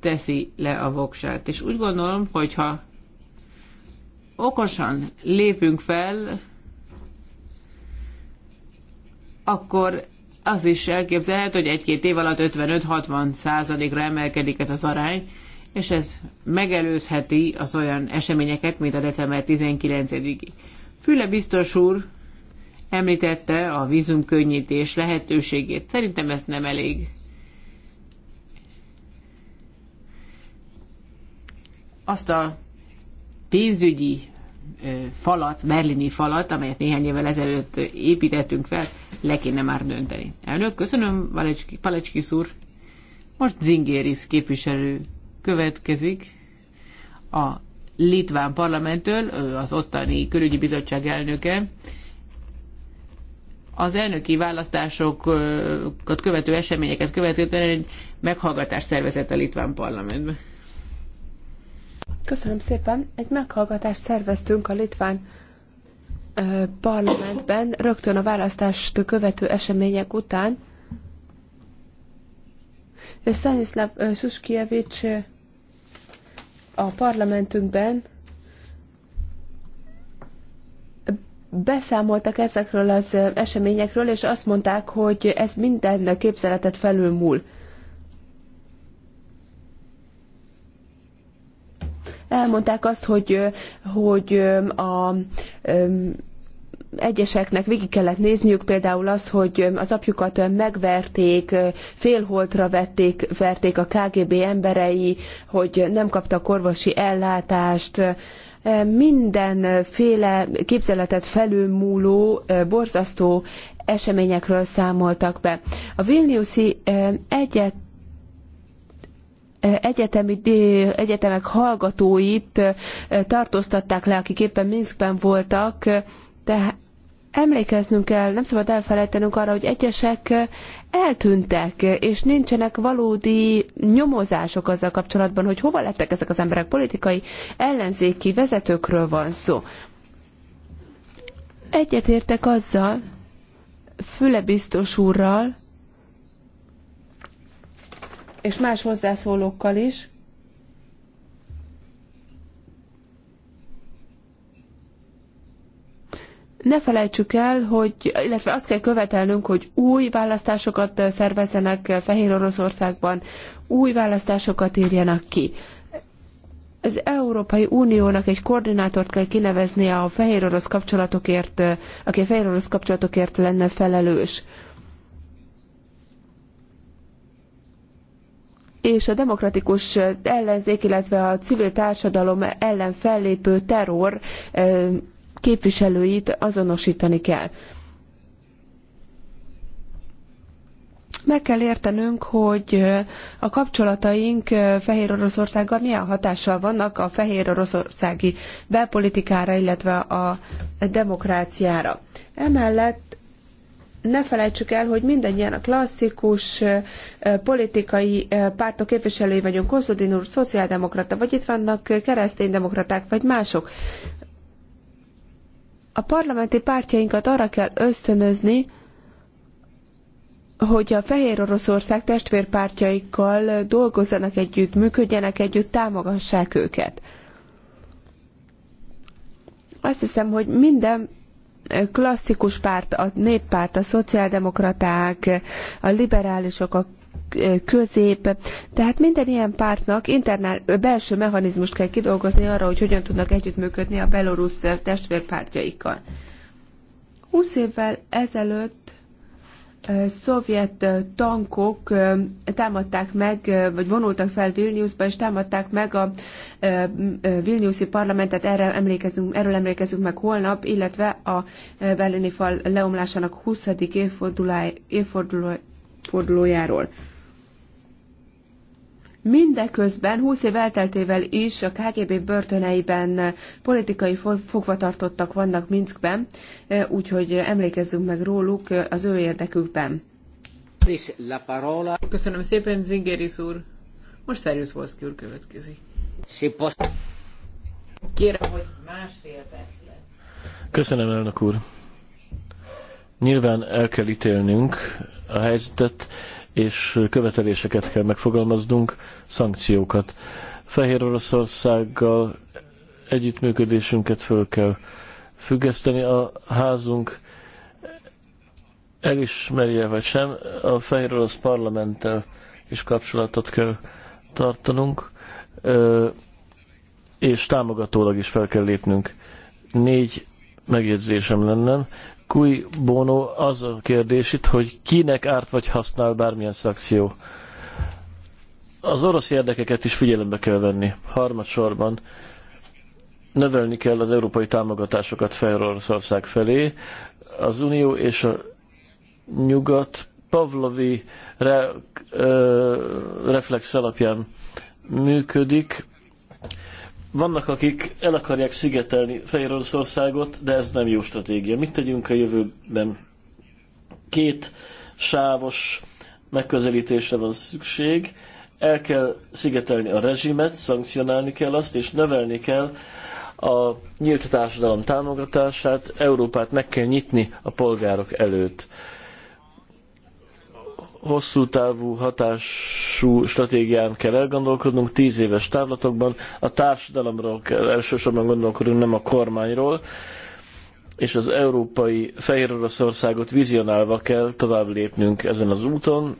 teszi le a voksát. És úgy gondolom, hogyha okosan lépünk fel, akkor az is elképzelhet, hogy egy-két év alatt 55-60 százalékra emelkedik ez az arány, és ez megelőzheti az olyan eseményeket, mint a december 19-i. Füle biztos úr Említette a vízumkönnyítés lehetőségét. Szerintem ez nem elég. Azt a pénzügyi falat, berlini falat, amelyet néhány évvel ezelőtt építettünk fel, le kéne már dönteni. Elnök, köszönöm, Palecski, Palecski úr. Most Zingéris képviselő következik a Litván parlamenttől, ő az ottani külügyi bizottság elnöke az elnöki választásokat követő eseményeket követően egy meghallgatást szervezett a Litván parlamentben. Köszönöm szépen. Egy meghallgatást szerveztünk a Litván parlamentben rögtön a választást követő események után. Stanislav Suskiewicz a parlamentünkben beszámoltak ezekről az eseményekről, és azt mondták, hogy ez minden képzeletet felülmúl. Elmondták azt, hogy, hogy a, egyeseknek végig kellett nézniük például azt, hogy az apjukat megverték, félholtra vették, verték a KGB emberei, hogy nem kaptak orvosi ellátást, mindenféle képzeletet felülmúló, borzasztó eseményekről számoltak be. A Vilniuszi egyet egyetemi, egyetemek hallgatóit tartóztatták le, akik éppen Minskben voltak, tehát emlékeznünk kell, nem szabad elfelejtenünk arra, hogy egyesek eltűntek, és nincsenek valódi nyomozások azzal kapcsolatban, hogy hova lettek ezek az emberek. Politikai ellenzéki vezetőkről van szó. Egyetértek azzal, Füle biztos úrral, és más hozzászólókkal is, ne felejtsük el, hogy, illetve azt kell követelnünk, hogy új választásokat szervezzenek Fehér Oroszországban, új választásokat írjanak ki. Az Európai Uniónak egy koordinátort kell kineveznie a fehér orosz kapcsolatokért, aki a fehér orosz kapcsolatokért lenne felelős. és a demokratikus ellenzék, illetve a civil társadalom ellen fellépő terror eh, képviselőit azonosítani kell. Meg kell értenünk, hogy a kapcsolataink Fehér Oroszországgal milyen hatással vannak a Fehér Oroszországi belpolitikára, illetve a demokráciára. Emellett ne felejtsük el, hogy mindannyian a klasszikus eh, politikai eh, pártok képviselői vagyunk, Kosszodin úr, szociáldemokrata, vagy itt vannak eh, kereszténydemokraták, vagy mások a parlamenti pártjainkat arra kell ösztönözni, hogy a Fehér Oroszország testvérpártjaikkal dolgozzanak együtt, működjenek együtt, támogassák őket. Azt hiszem, hogy minden klasszikus párt, a néppárt, a szociáldemokraták, a liberálisok, a közép. Tehát minden ilyen pártnak internál, belső mechanizmust kell kidolgozni arra, hogy hogyan tudnak együttműködni a belorusz testvérpártjaikkal. 20 évvel ezelőtt szovjet tankok támadták meg, vagy vonultak fel Vilniusba, és támadták meg a Vilniuszi parlamentet, erre emlékezünk, erről emlékezünk meg holnap, illetve a berlini fal leomlásának 20. évfordulójáról. Mindeközben 20 év elteltével is a KGB börtöneiben politikai fogvatartottak vannak Minskben, e, úgyhogy emlékezzünk meg róluk e, az ő érdekükben. Köszönöm szépen, Zingeris úr. Most Szerűz Volszki úr következik. Kérem, hogy másfél perc lesz. Köszönöm, elnök úr. Nyilván el kell ítélnünk a helyzetet és követeléseket kell megfogalmaznunk, szankciókat. Fehér Oroszországgal együttműködésünket föl kell függeszteni. A házunk elismerje vagy sem, a Fehér Orosz parlamenttel is kapcsolatot kell tartanunk, és támogatólag is fel kell lépnünk. Négy megjegyzésem lenne. Kui bono az a kérdés itt, hogy kinek árt vagy használ bármilyen szakció. Az orosz érdekeket is figyelembe kell venni. Harmadsorban növelni kell az európai támogatásokat Fehér Oroszország felé. Az Unió és a Nyugat Pavlovi re, ö, reflex alapján működik. Vannak, akik el akarják szigetelni Fehér Oroszországot, de ez nem jó stratégia. Mit tegyünk a jövőben? Két sávos megközelítésre van szükség. El kell szigetelni a rezsimet, szankcionálni kell azt, és növelni kell a nyílt társadalom támogatását, Európát meg kell nyitni a polgárok előtt hosszú távú hatású stratégián kell elgondolkodnunk, tíz éves távlatokban, a társadalomról kell elsősorban gondolkodnunk, nem a kormányról, és az európai Fehér Oroszországot vizionálva kell tovább lépnünk ezen az úton.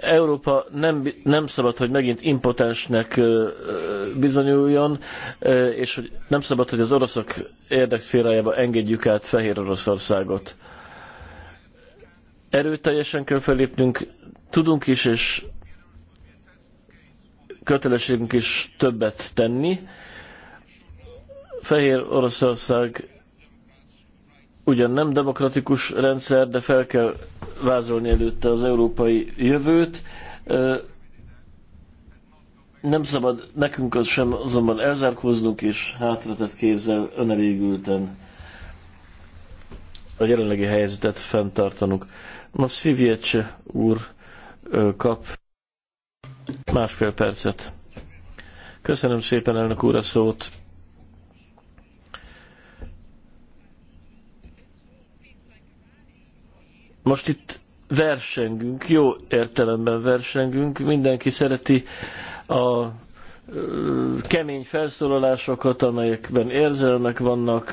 Európa nem, nem szabad, hogy megint impotensnek bizonyuljon, és hogy nem szabad, hogy az oroszok érdekszférájába engedjük át Fehér Oroszországot Erőteljesen kell fellépnünk, tudunk is, és kötelességünk is többet tenni. Fehér Oroszország ugyan nem demokratikus rendszer, de fel kell vázolni előtte az európai jövőt. Nem szabad nekünk az sem azonban elzárkóznunk és hátratett kézzel önelégülten a jelenlegi helyzetet fenntartanunk. Most Szivjecse úr kap másfél percet. Köszönöm szépen, elnök úr, a szót. Most itt versengünk, jó értelemben versengünk, mindenki szereti a kemény felszólalásokat, amelyekben érzelmek vannak,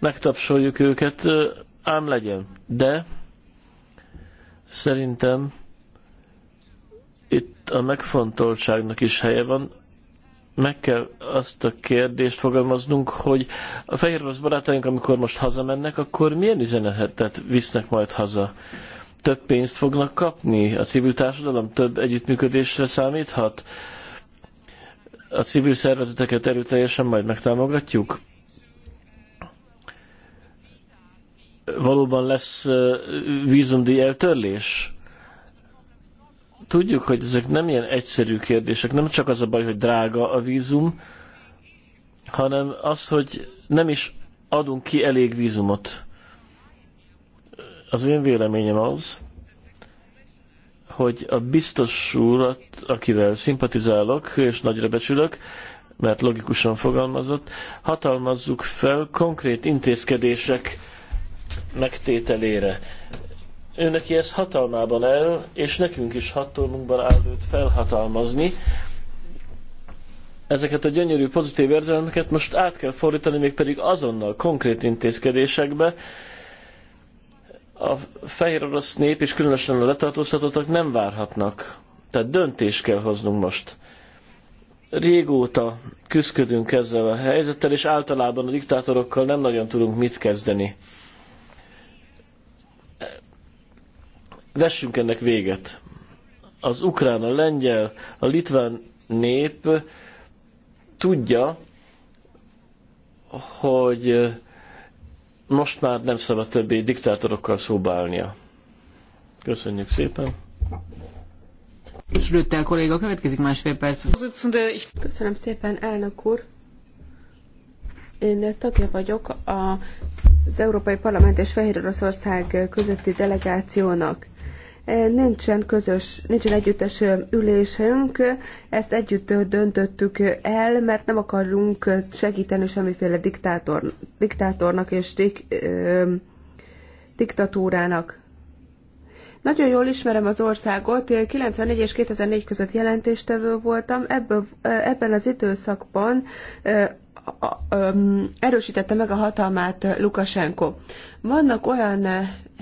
megtapsoljuk őket, ám legyen. De Szerintem itt a megfontoltságnak is helye van. Meg kell azt a kérdést fogalmaznunk, hogy a fehér orosz barátaink, amikor most hazamennek, akkor milyen üzenetet visznek majd haza? Több pénzt fognak kapni? A civil társadalom több együttműködésre számíthat? A civil szervezeteket erőteljesen majd megtámogatjuk? valóban lesz vízumdíj eltörlés? Tudjuk, hogy ezek nem ilyen egyszerű kérdések, nem csak az a baj, hogy drága a vízum, hanem az, hogy nem is adunk ki elég vízumot. Az én véleményem az, hogy a biztos úr, akivel szimpatizálok és nagyra becsülök, mert logikusan fogalmazott, hatalmazzuk fel konkrét intézkedések megtételére. neki ez hatalmában el, és nekünk is hatalmunkban áll őt felhatalmazni. Ezeket a gyönyörű pozitív érzelmeket most át kell fordítani, mégpedig azonnal konkrét intézkedésekbe, a fehér orosz nép és különösen a letartóztatottak nem várhatnak. Tehát döntést kell hoznunk most. Régóta küzdködünk ezzel a helyzettel, és általában a diktátorokkal nem nagyon tudunk mit kezdeni. vessünk ennek véget. Az ukrán, a lengyel, a litván nép tudja, hogy most már nem szabad többé diktátorokkal szóba állnia. Köszönjük szépen! Schröter kolléga, következik másfél perc. Köszönöm szépen, elnök úr. Én tagja vagyok az Európai Parlament és Fehér Oroszország közötti delegációnak. E, nincsen közös, nincsen együttes e, ülésünk, ezt együtt döntöttük el, mert nem akarunk segíteni semmiféle diktátor, diktátornak és dik, ö, e, diktatúrának. Nagyon jól ismerem az országot, 94 és 2004 között jelentéstevő voltam, ebből, ebben az időszakban erősítette meg a hatalmát Lukasenko. Vannak olyan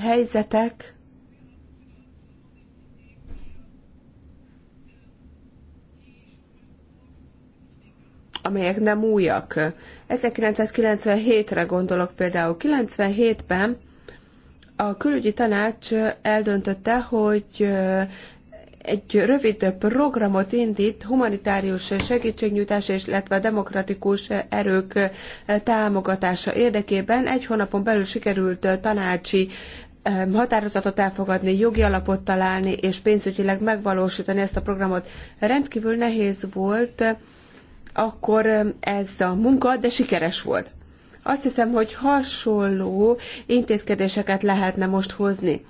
helyzetek, amelyek nem újak. 1997-re gondolok például. 97-ben a külügyi tanács eldöntötte, hogy egy rövid programot indít humanitárius segítségnyújtás, és illetve a demokratikus erők támogatása érdekében. Egy hónapon belül sikerült tanácsi határozatot elfogadni, jogi alapot találni, és pénzügyileg megvalósítani ezt a programot. Rendkívül nehéz volt akkor ez a munka, de sikeres volt. Azt hiszem, hogy hasonló intézkedéseket lehetne most hozni.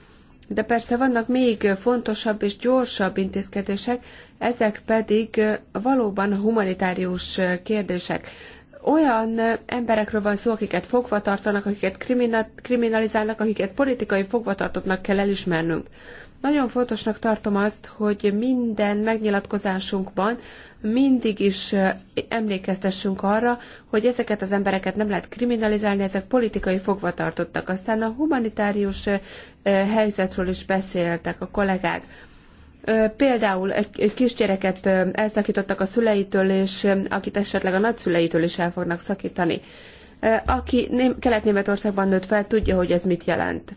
De persze vannak még fontosabb és gyorsabb intézkedések, ezek pedig valóban humanitárius kérdések. Olyan emberekről van szó, akiket fogva tartanak, akiket kriminalizálnak, akiket politikai fogvatartottnak kell elismernünk. Nagyon fontosnak tartom azt, hogy minden megnyilatkozásunkban mindig is emlékeztessünk arra, hogy ezeket az embereket nem lehet kriminalizálni, ezek politikai fogvatartottak. Aztán a humanitárius helyzetről is beszéltek a kollégák. Például egy kisgyereket elszakítottak a szüleitől, és akit esetleg a nagyszüleitől is el fognak szakítani. Aki Kelet-Németországban nőtt fel, tudja, hogy ez mit jelent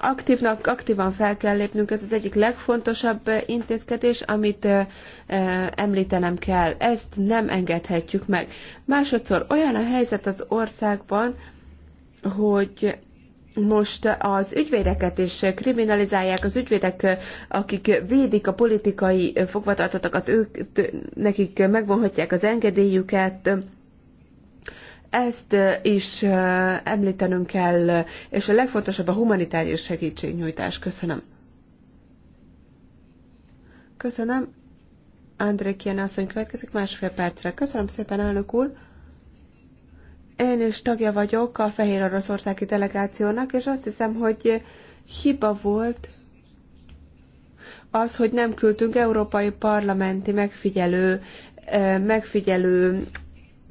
aktívnak, aktívan fel kell lépnünk, ez az egyik legfontosabb eh, intézkedés, amit eh, eh, említenem kell. Ezt nem engedhetjük meg. Másodszor olyan a helyzet az országban, hogy most az ügyvédeket is kriminalizálják, az ügyvédek, akik védik a politikai fogvatartottakat, ők nekik megvonhatják az engedélyüket, ezt is említenünk kell, és a legfontosabb a humanitárius segítségnyújtás. Köszönöm. Köszönöm. André Kien asszony következik másfél percre. Köszönöm szépen, elnök úr. Én is tagja vagyok a Fehér Oroszországi Delegációnak, és azt hiszem, hogy hiba volt az, hogy nem küldtünk európai parlamenti megfigyelő megfigyelő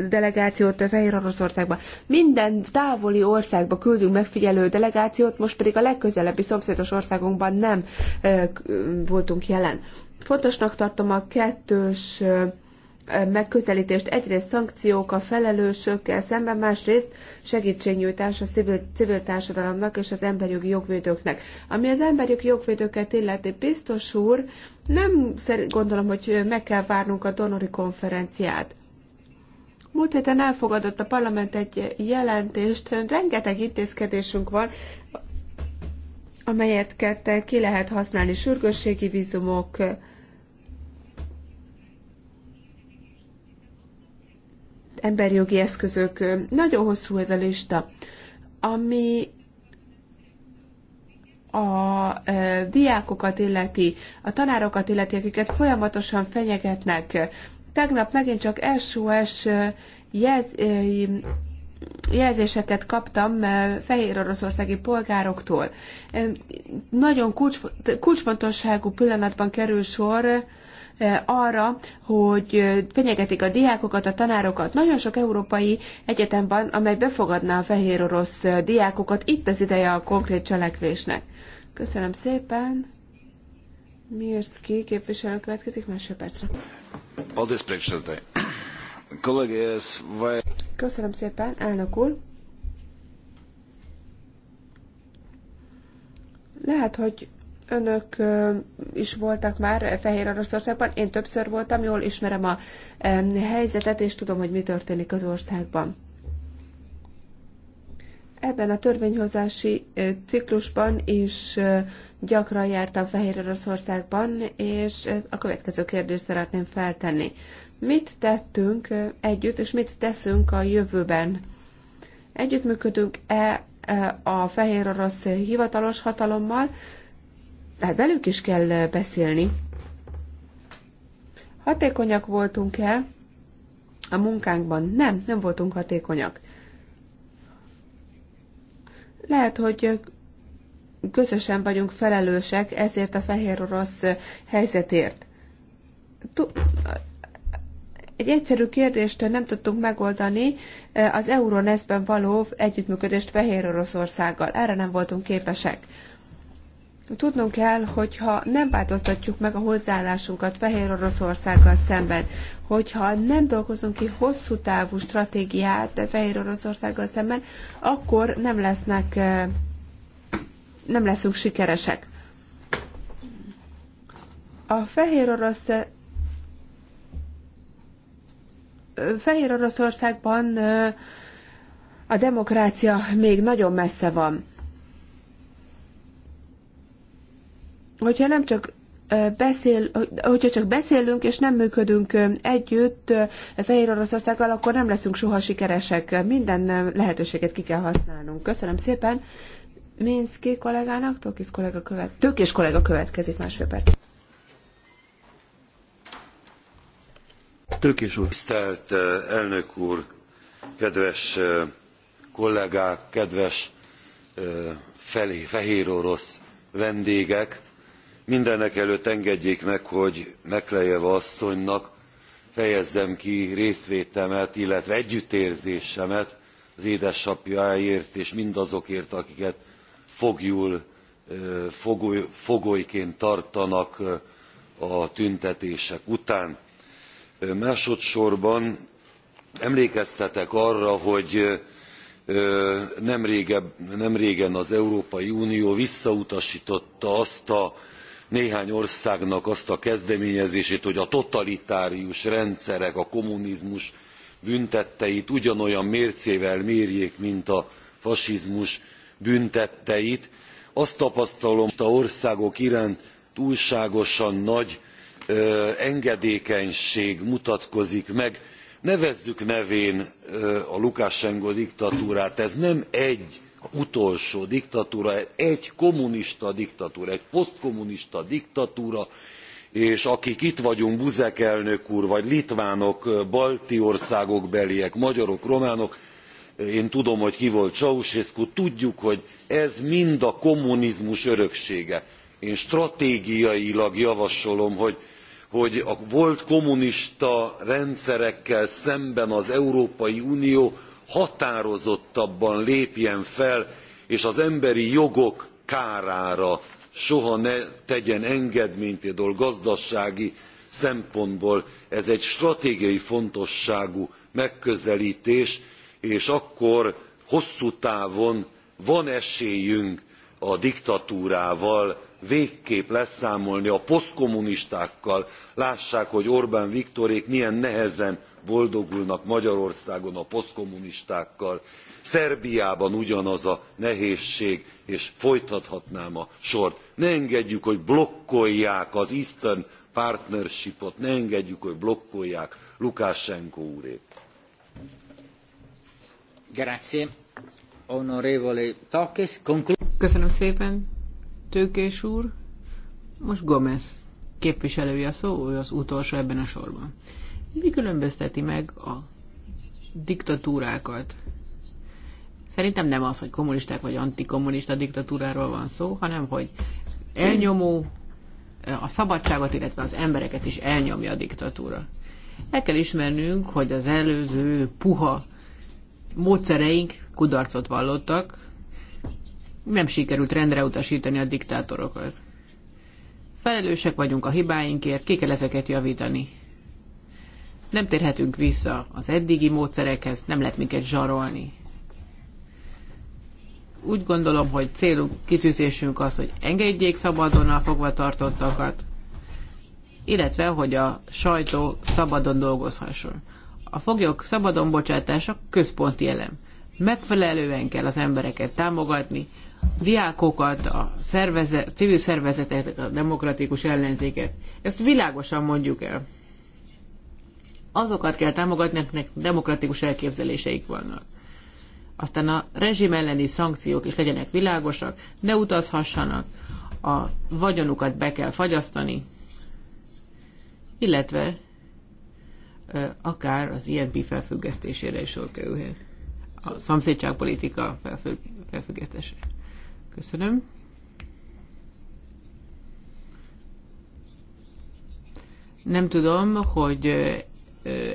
delegációt Fehér Oroszországba. Minden távoli országba küldünk megfigyelő delegációt, most pedig a legközelebbi szomszédos országunkban nem voltunk jelen. Fontosnak tartom a kettős megközelítést, egyrészt szankciók a felelősökkel szemben, másrészt segítségnyújtás a civil, civil társadalomnak és az emberjogi jogvédőknek. Ami az emberjogi jogvédőket illeti, biztos úr, nem gondolom, hogy meg kell várnunk a donori konferenciát. Múlt héten elfogadott a parlament egy jelentést, rengeteg intézkedésünk van, amelyet ki lehet használni, sürgősségi vízumok, emberjogi eszközök, nagyon hosszú ez a lista, ami a e, diákokat illeti, a tanárokat illeti, akiket folyamatosan fenyegetnek, Tegnap megint csak SOS jelz, jelzéseket kaptam fehér oroszországi polgároktól. Nagyon kulcs, kulcsfontosságú pillanatban kerül sor arra, hogy fenyegetik a diákokat, a tanárokat. Nagyon sok európai egyetem van, amely befogadná a fehér orosz diákokat. Itt az ideje a konkrét cselekvésnek. Köszönöm szépen. Mirszki képviselő következik másfél percre. Köszönöm szépen, elnök úr. Lehet, hogy önök is voltak már Fehér Oroszországban, én többször voltam, jól ismerem a helyzetet, és tudom, hogy mi történik az országban. Ebben a törvényhozási ciklusban is gyakran jártam Fehér Oroszországban, és a következő kérdést szeretném feltenni. Mit tettünk együtt, és mit teszünk a jövőben? Együttműködünk-e a fehér orosz hivatalos hatalommal? Hát velük is kell beszélni. Hatékonyak voltunk-e a munkánkban? Nem, nem voltunk hatékonyak. Lehet, hogy közösen vagyunk felelősek ezért a fehér orosz helyzetért. Egy egyszerű kérdést nem tudtunk megoldani, eh, az Euroneszben való együttműködést Fehér Oroszországgal. Erre nem voltunk képesek. Tudnunk kell, hogyha nem változtatjuk meg a hozzáállásunkat Fehér Oroszországgal szemben, hogyha nem dolgozunk ki hosszú távú stratégiát Fehér Oroszországgal szemben, akkor nem lesznek, nem leszünk sikeresek. A Fehér Orosz Fehér Oroszországban a demokrácia még nagyon messze van. hogyha nem csak beszél, hogyha csak beszélünk és nem működünk együtt Fehér Oroszországgal, akkor nem leszünk soha sikeresek. Minden lehetőséget ki kell használnunk. Köszönöm szépen. Minszki kollégának, Tokis kollega követ, Tökés kollega következik másfél perc. Tökés úr. Tisztelt elnök úr, kedves kollégák, kedves felé, fehér orosz vendégek! mindenekelőtt engedjék meg hogy maclejeva asszonynak fejezzem ki részvétemet illetve együttérzésemet az édesapjáért és mindazokért akiket fogjul, fogoly, fogolyként tartanak a tüntetések után. másodsorban emlékeztetek arra hogy nemrégen nem az európai unió visszautastotta azt a néhány országnak azt a kezdeményezését hogy a totalitárius rendszerek a kommunizmus bűntetteit ugyanolyan mércével mérjék mint a fasizmus bűntetteit azt tapasztalom hogy a kommunista országok iránt túlságosan nagy engedékenység mutatkozik meg nevezzük nevén a lukasenko diktatúrát ez nem egy utolsó diktatúra egy kommunista diktatúra egy posztkommunista diktatúra és akik itt vagyunk buzek elnök úr vagy litvánok balti országok beliek magyarok románok én tudom hogy ki volt ceausescu tudjuk hogy ez mind a kommunizmus öröksége. én stratégiailag javasolom hogy hogy a volt kommunista rendszerekkel szemben az európai unió határozottabban lépjen fel és az emberi jogok kárára soha ne tegyen engedményt például gazdasági szempontból. ez egy stratégiai fontosságú megközeltés és akkor hosszú távon van esélyünk a diktatúrával végképp leszámolni a posztkommunistákkal lássák hogy orbán viktorék milyen nehezen boldogulnak magyarországon a posztkommunistákkal szerbiában ugyanaz a nehézség és folytathatnám a sort. ne engedjük hogy blokkolják az eastern partnership ot ne engedjük hogy blokkolják lukasenko úrét. Köszönöm szépen, Tőkés úr. Most Gomez képviselője a szó, ő az utolsó ebben a sorban mi különbözteti meg a diktatúrákat? Szerintem nem az, hogy kommunisták vagy antikommunista diktatúráról van szó, hanem hogy elnyomó a szabadságot, illetve az embereket is elnyomja a diktatúra. El kell ismernünk, hogy az előző puha módszereink kudarcot vallottak, nem sikerült rendre utasítani a diktátorokat. Felelősek vagyunk a hibáinkért, ki kell ezeket javítani. Nem térhetünk vissza az eddigi módszerekhez, nem lehet minket zsarolni. Úgy gondolom, hogy célunk, kitűzésünk az, hogy engedjék szabadon a fogvatartottakat, illetve, hogy a sajtó szabadon dolgozhasson. A foglyok szabadon bocsátása központi elem. Megfelelően kell az embereket támogatni, diákokat, a szervezet, civil szervezeteket, a demokratikus ellenzéket. Ezt világosan mondjuk el azokat kell támogatni, akiknek demokratikus elképzeléseik vannak. Aztán a rezsim elleni szankciók is legyenek világosak, ne utazhassanak, a vagyonukat be kell fagyasztani, illetve akár az ilyen felfüggesztésére is sor kerülhet. A szomszédságpolitika felfügg, felfüggesztése. Köszönöm. Nem tudom, hogy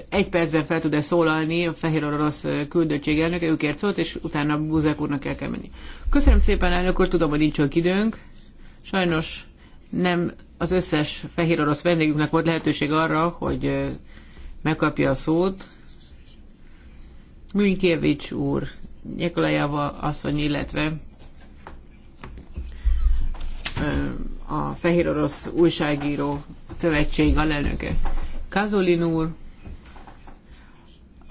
egy percben fel tud-e szólalni a fehér orosz küldöttség elnöke, ő kért szót, és utána Buzek úrnak el kell menni. Köszönöm szépen, elnök úr, tudom, hogy nincs csak időnk. Sajnos nem az összes fehér orosz vendégünknek volt lehetőség arra, hogy megkapja a szót. Minkievics úr, Nyikolajava asszony, illetve a Fehér Orosz Újságíró Szövetség alelnöke. Kazolin úr,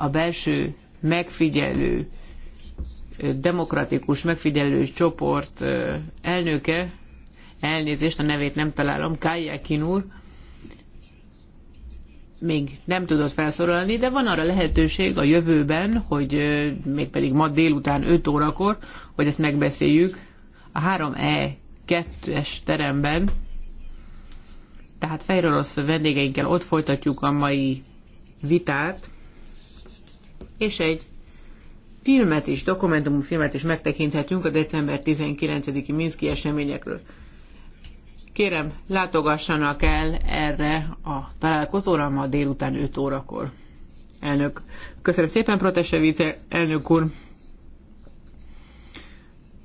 a belső megfigyelő, demokratikus megfigyelő csoport elnöke, elnézést, a nevét nem találom, Kajakin úr, még nem tudott felszorolni, de van arra lehetőség a jövőben, hogy mégpedig ma délután 5 órakor, hogy ezt megbeszéljük a 3E2-es teremben. Tehát fejről rossz vendégeinkkel ott folytatjuk a mai vitát és egy filmet is, dokumentumfilmet is megtekinthetünk a december 19-i Minszki eseményekről. Kérem, látogassanak el erre a találkozóra ma délután 5 órakor. Elnök, köszönöm szépen, Protesevice, elnök úr.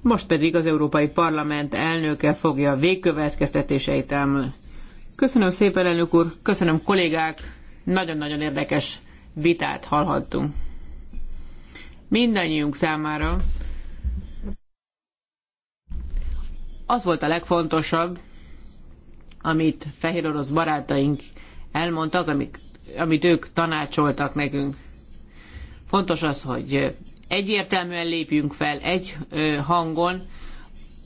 Most pedig az Európai Parlament elnöke fogja végkövetkeztetéseit elmondani. Köszönöm szépen, elnök úr, köszönöm kollégák, nagyon-nagyon érdekes vitát hallhattunk mindannyiunk számára az volt a legfontosabb, amit fehér orosz barátaink elmondtak, amik, amit ők tanácsoltak nekünk. Fontos az, hogy egyértelműen lépjünk fel egy hangon,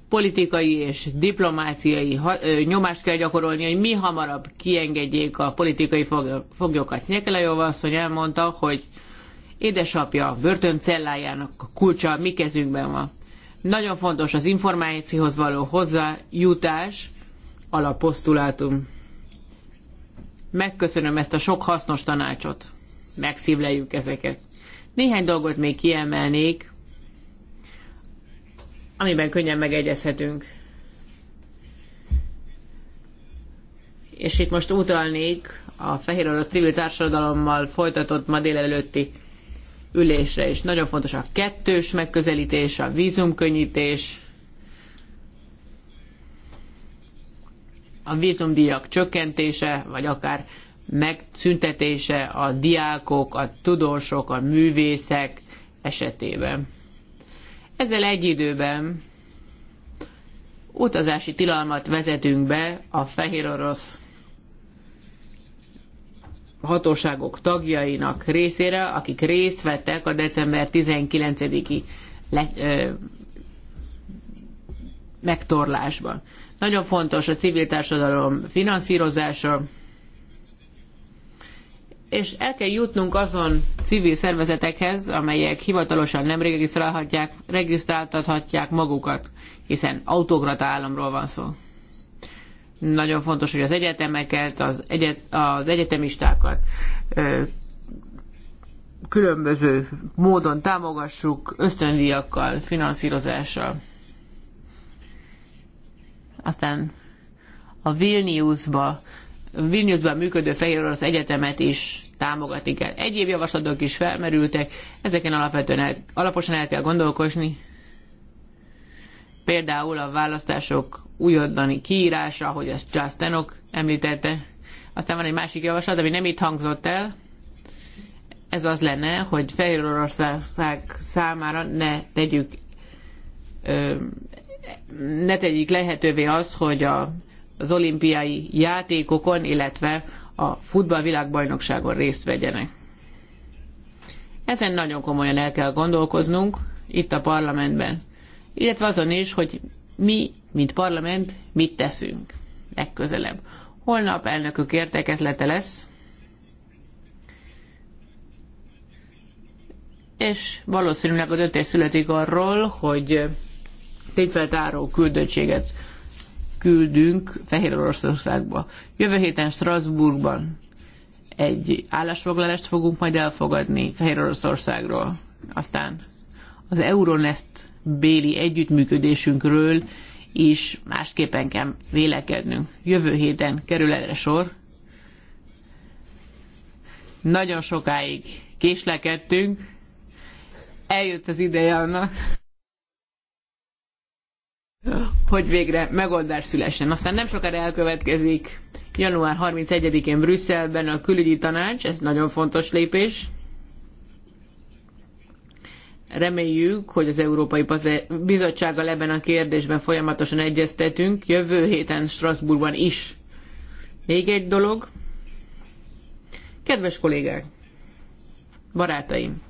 politikai és diplomáciai nyomást kell gyakorolni, hogy mi hamarabb kiengedjék a politikai foglyokat. Nyekelejova asszony elmondta, hogy édesapja börtöncellájának kulcsa mi kezünkben van. Nagyon fontos az információhoz való hozzájutás, alapposztulátum. Megköszönöm ezt a sok hasznos tanácsot. Megszívleljük ezeket. Néhány dolgot még kiemelnék, amiben könnyen megegyezhetünk. És itt most utalnék a fehér orosz civil társadalommal folytatott ma délelőtti ülésre, és nagyon fontos a kettős megközelítés, a vízumkönnyítés, a vízumdíjak csökkentése, vagy akár megszüntetése a diákok, a tudósok, a művészek esetében. Ezzel egy időben utazási tilalmat vezetünk be a fehér orosz hatóságok tagjainak részére, akik részt vettek a december 19-i le, ö, megtorlásban. Nagyon fontos a civil társadalom finanszírozása, és el kell jutnunk azon civil szervezetekhez, amelyek hivatalosan nem regisztrálhatják, regisztráltathatják magukat, hiszen autokrata államról van szó. Nagyon fontos, hogy az egyetemeket, az, egyet, az egyetemistákat ö, különböző módon támogassuk, ösztöndíjakkal, finanszírozással. Aztán a Vilniusba, Vilniusban működő Fehér Orosz Egyetemet is támogatni kell. Egyéb javaslatok is felmerültek, ezeken alapvetően el, alaposan el kell gondolkozni, Például a választások újonnani kiírása, hogy ezt Charles Tenok említette. Aztán van egy másik javaslat, ami nem itt hangzott el. Ez az lenne, hogy Fehéroroszág számára ne tegyük ne tegyük lehetővé az, hogy a, az olimpiai játékokon, illetve a futballvilágbajnokságon részt vegyenek. Ezen nagyon komolyan el kell gondolkoznunk itt a parlamentben illetve azon is, hogy mi, mint parlament, mit teszünk legközelebb. Holnap elnökök értekezlete lesz, és valószínűleg a döntés születik arról, hogy tényfeltáró küldöttséget küldünk Fehér Oroszországba. Jövő héten Strasbourgban egy állásfoglalást fogunk majd elfogadni Fehér Oroszországról. Aztán az Euronest béli együttműködésünkről is másképpen kell vélekednünk. Jövő héten kerül erre sor. Nagyon sokáig késlekedtünk, eljött az ideje annak, hogy végre megoldás szülessen. Aztán nem sokára elkövetkezik január 31-én Brüsszelben a külügyi tanács, ez nagyon fontos lépés. Reméljük, hogy az Európai Bizottsággal ebben a kérdésben folyamatosan egyeztetünk, jövő héten Strasbourgban is. Még egy dolog. Kedves kollégák, barátaim,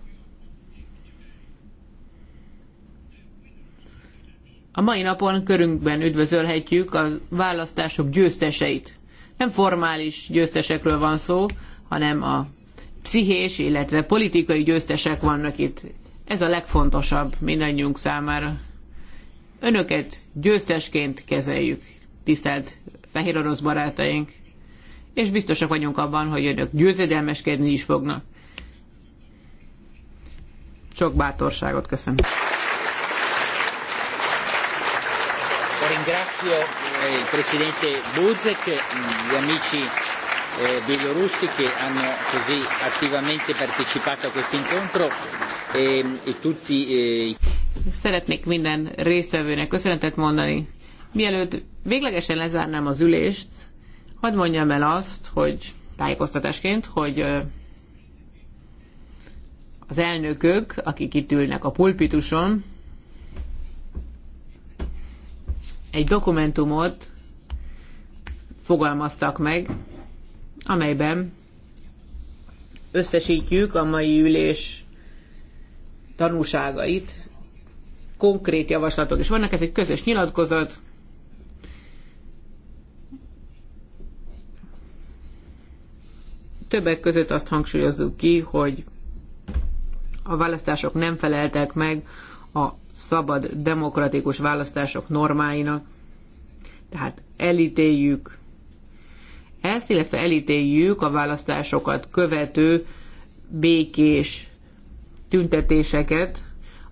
A mai napon körünkben üdvözölhetjük a választások győzteseit. Nem formális győztesekről van szó, hanem a pszichés, illetve politikai győztesek vannak itt. Ez a legfontosabb mindannyiunk számára. Önöket győztesként kezeljük, tisztelt fehér orosz barátaink, és biztosak vagyunk abban, hogy önök győzedelmeskedni is fognak. Sok bátorságot köszönöm. Ringrazio eh, il presidente Buzek, gli amici Eh, bielorussi che hanno così attivamente partecipato a questo incontro e, e tutti. Eh, i Szeretnék minden résztvevőnek köszönetet mondani. Mielőtt véglegesen lezárnám az ülést, hadd mondjam el azt, hogy tájékoztatásként, hogy az elnökök, akik itt ülnek a pulpituson, egy dokumentumot fogalmaztak meg, amelyben összesítjük a mai ülés tanúságait. Konkrét javaslatok is vannak, ez egy közös nyilatkozat. Többek között azt hangsúlyozzuk ki, hogy a választások nem feleltek meg a szabad demokratikus választások normáinak, tehát elítéljük ezt, illetve elítéljük a választásokat követő békés tüntetéseket,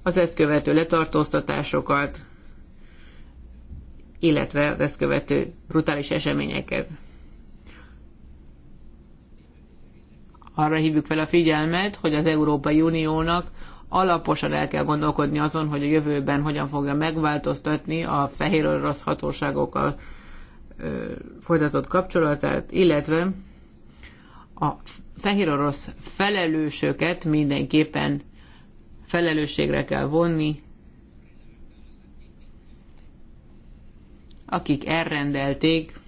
az ezt követő letartóztatásokat, illetve az ezt követő brutális eseményeket. Arra hívjuk fel a figyelmet, hogy az Európai Uniónak alaposan el kell gondolkodni azon, hogy a jövőben hogyan fogja megváltoztatni a fehér orosz hatóságokkal folytatott kapcsolatát, illetve a fehér orosz felelősöket mindenképpen felelősségre kell vonni, akik elrendelték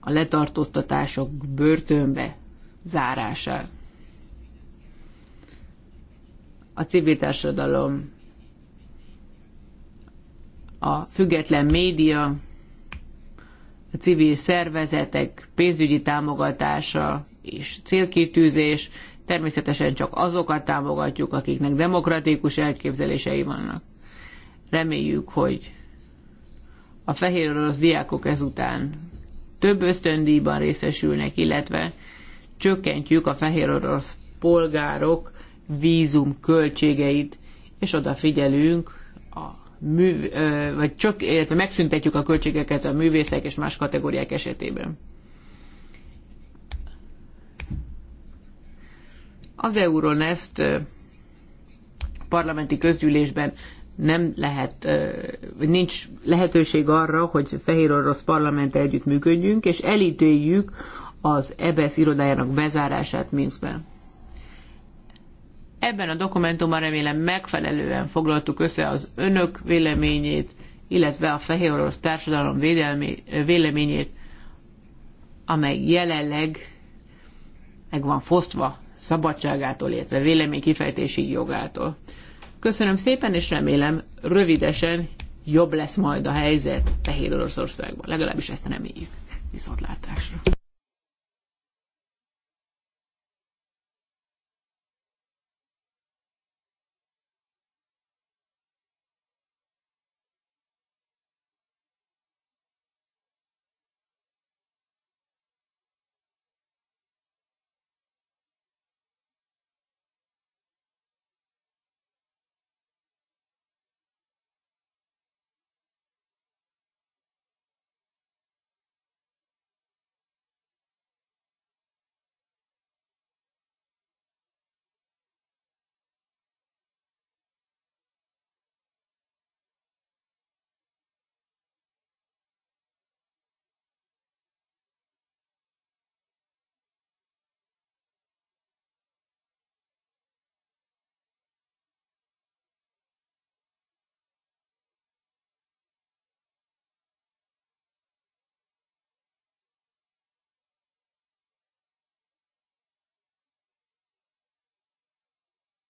a letartóztatások börtönbe zárását. A civil társadalom a független média, a civil szervezetek pénzügyi támogatása és célkitűzés, természetesen csak azokat támogatjuk, akiknek demokratikus elképzelései vannak. Reméljük, hogy a fehér orosz diákok ezután több ösztöndíjban részesülnek, illetve csökkentjük a fehér orosz polgárok vízum költségeit, és odafigyelünk mű, vagy csak, illetve megszüntetjük a költségeket a művészek és más kategóriák esetében. Az Euronest parlamenti közgyűlésben nem lehet, vagy nincs lehetőség arra, hogy Fehér Orosz parlamenttel együtt működjünk, és elítéljük az EBSZ e irodájának bezárását Minskben. Ebben a dokumentumban remélem megfelelően foglaltuk össze az önök véleményét, illetve a fehér orosz társadalom védelmi, véleményét, amely jelenleg meg van fosztva szabadságától, illetve kifejtési jogától. Köszönöm szépen, és remélem rövidesen jobb lesz majd a helyzet Fehér Oroszországban. Legalábbis ezt reméljük. Viszontlátásra!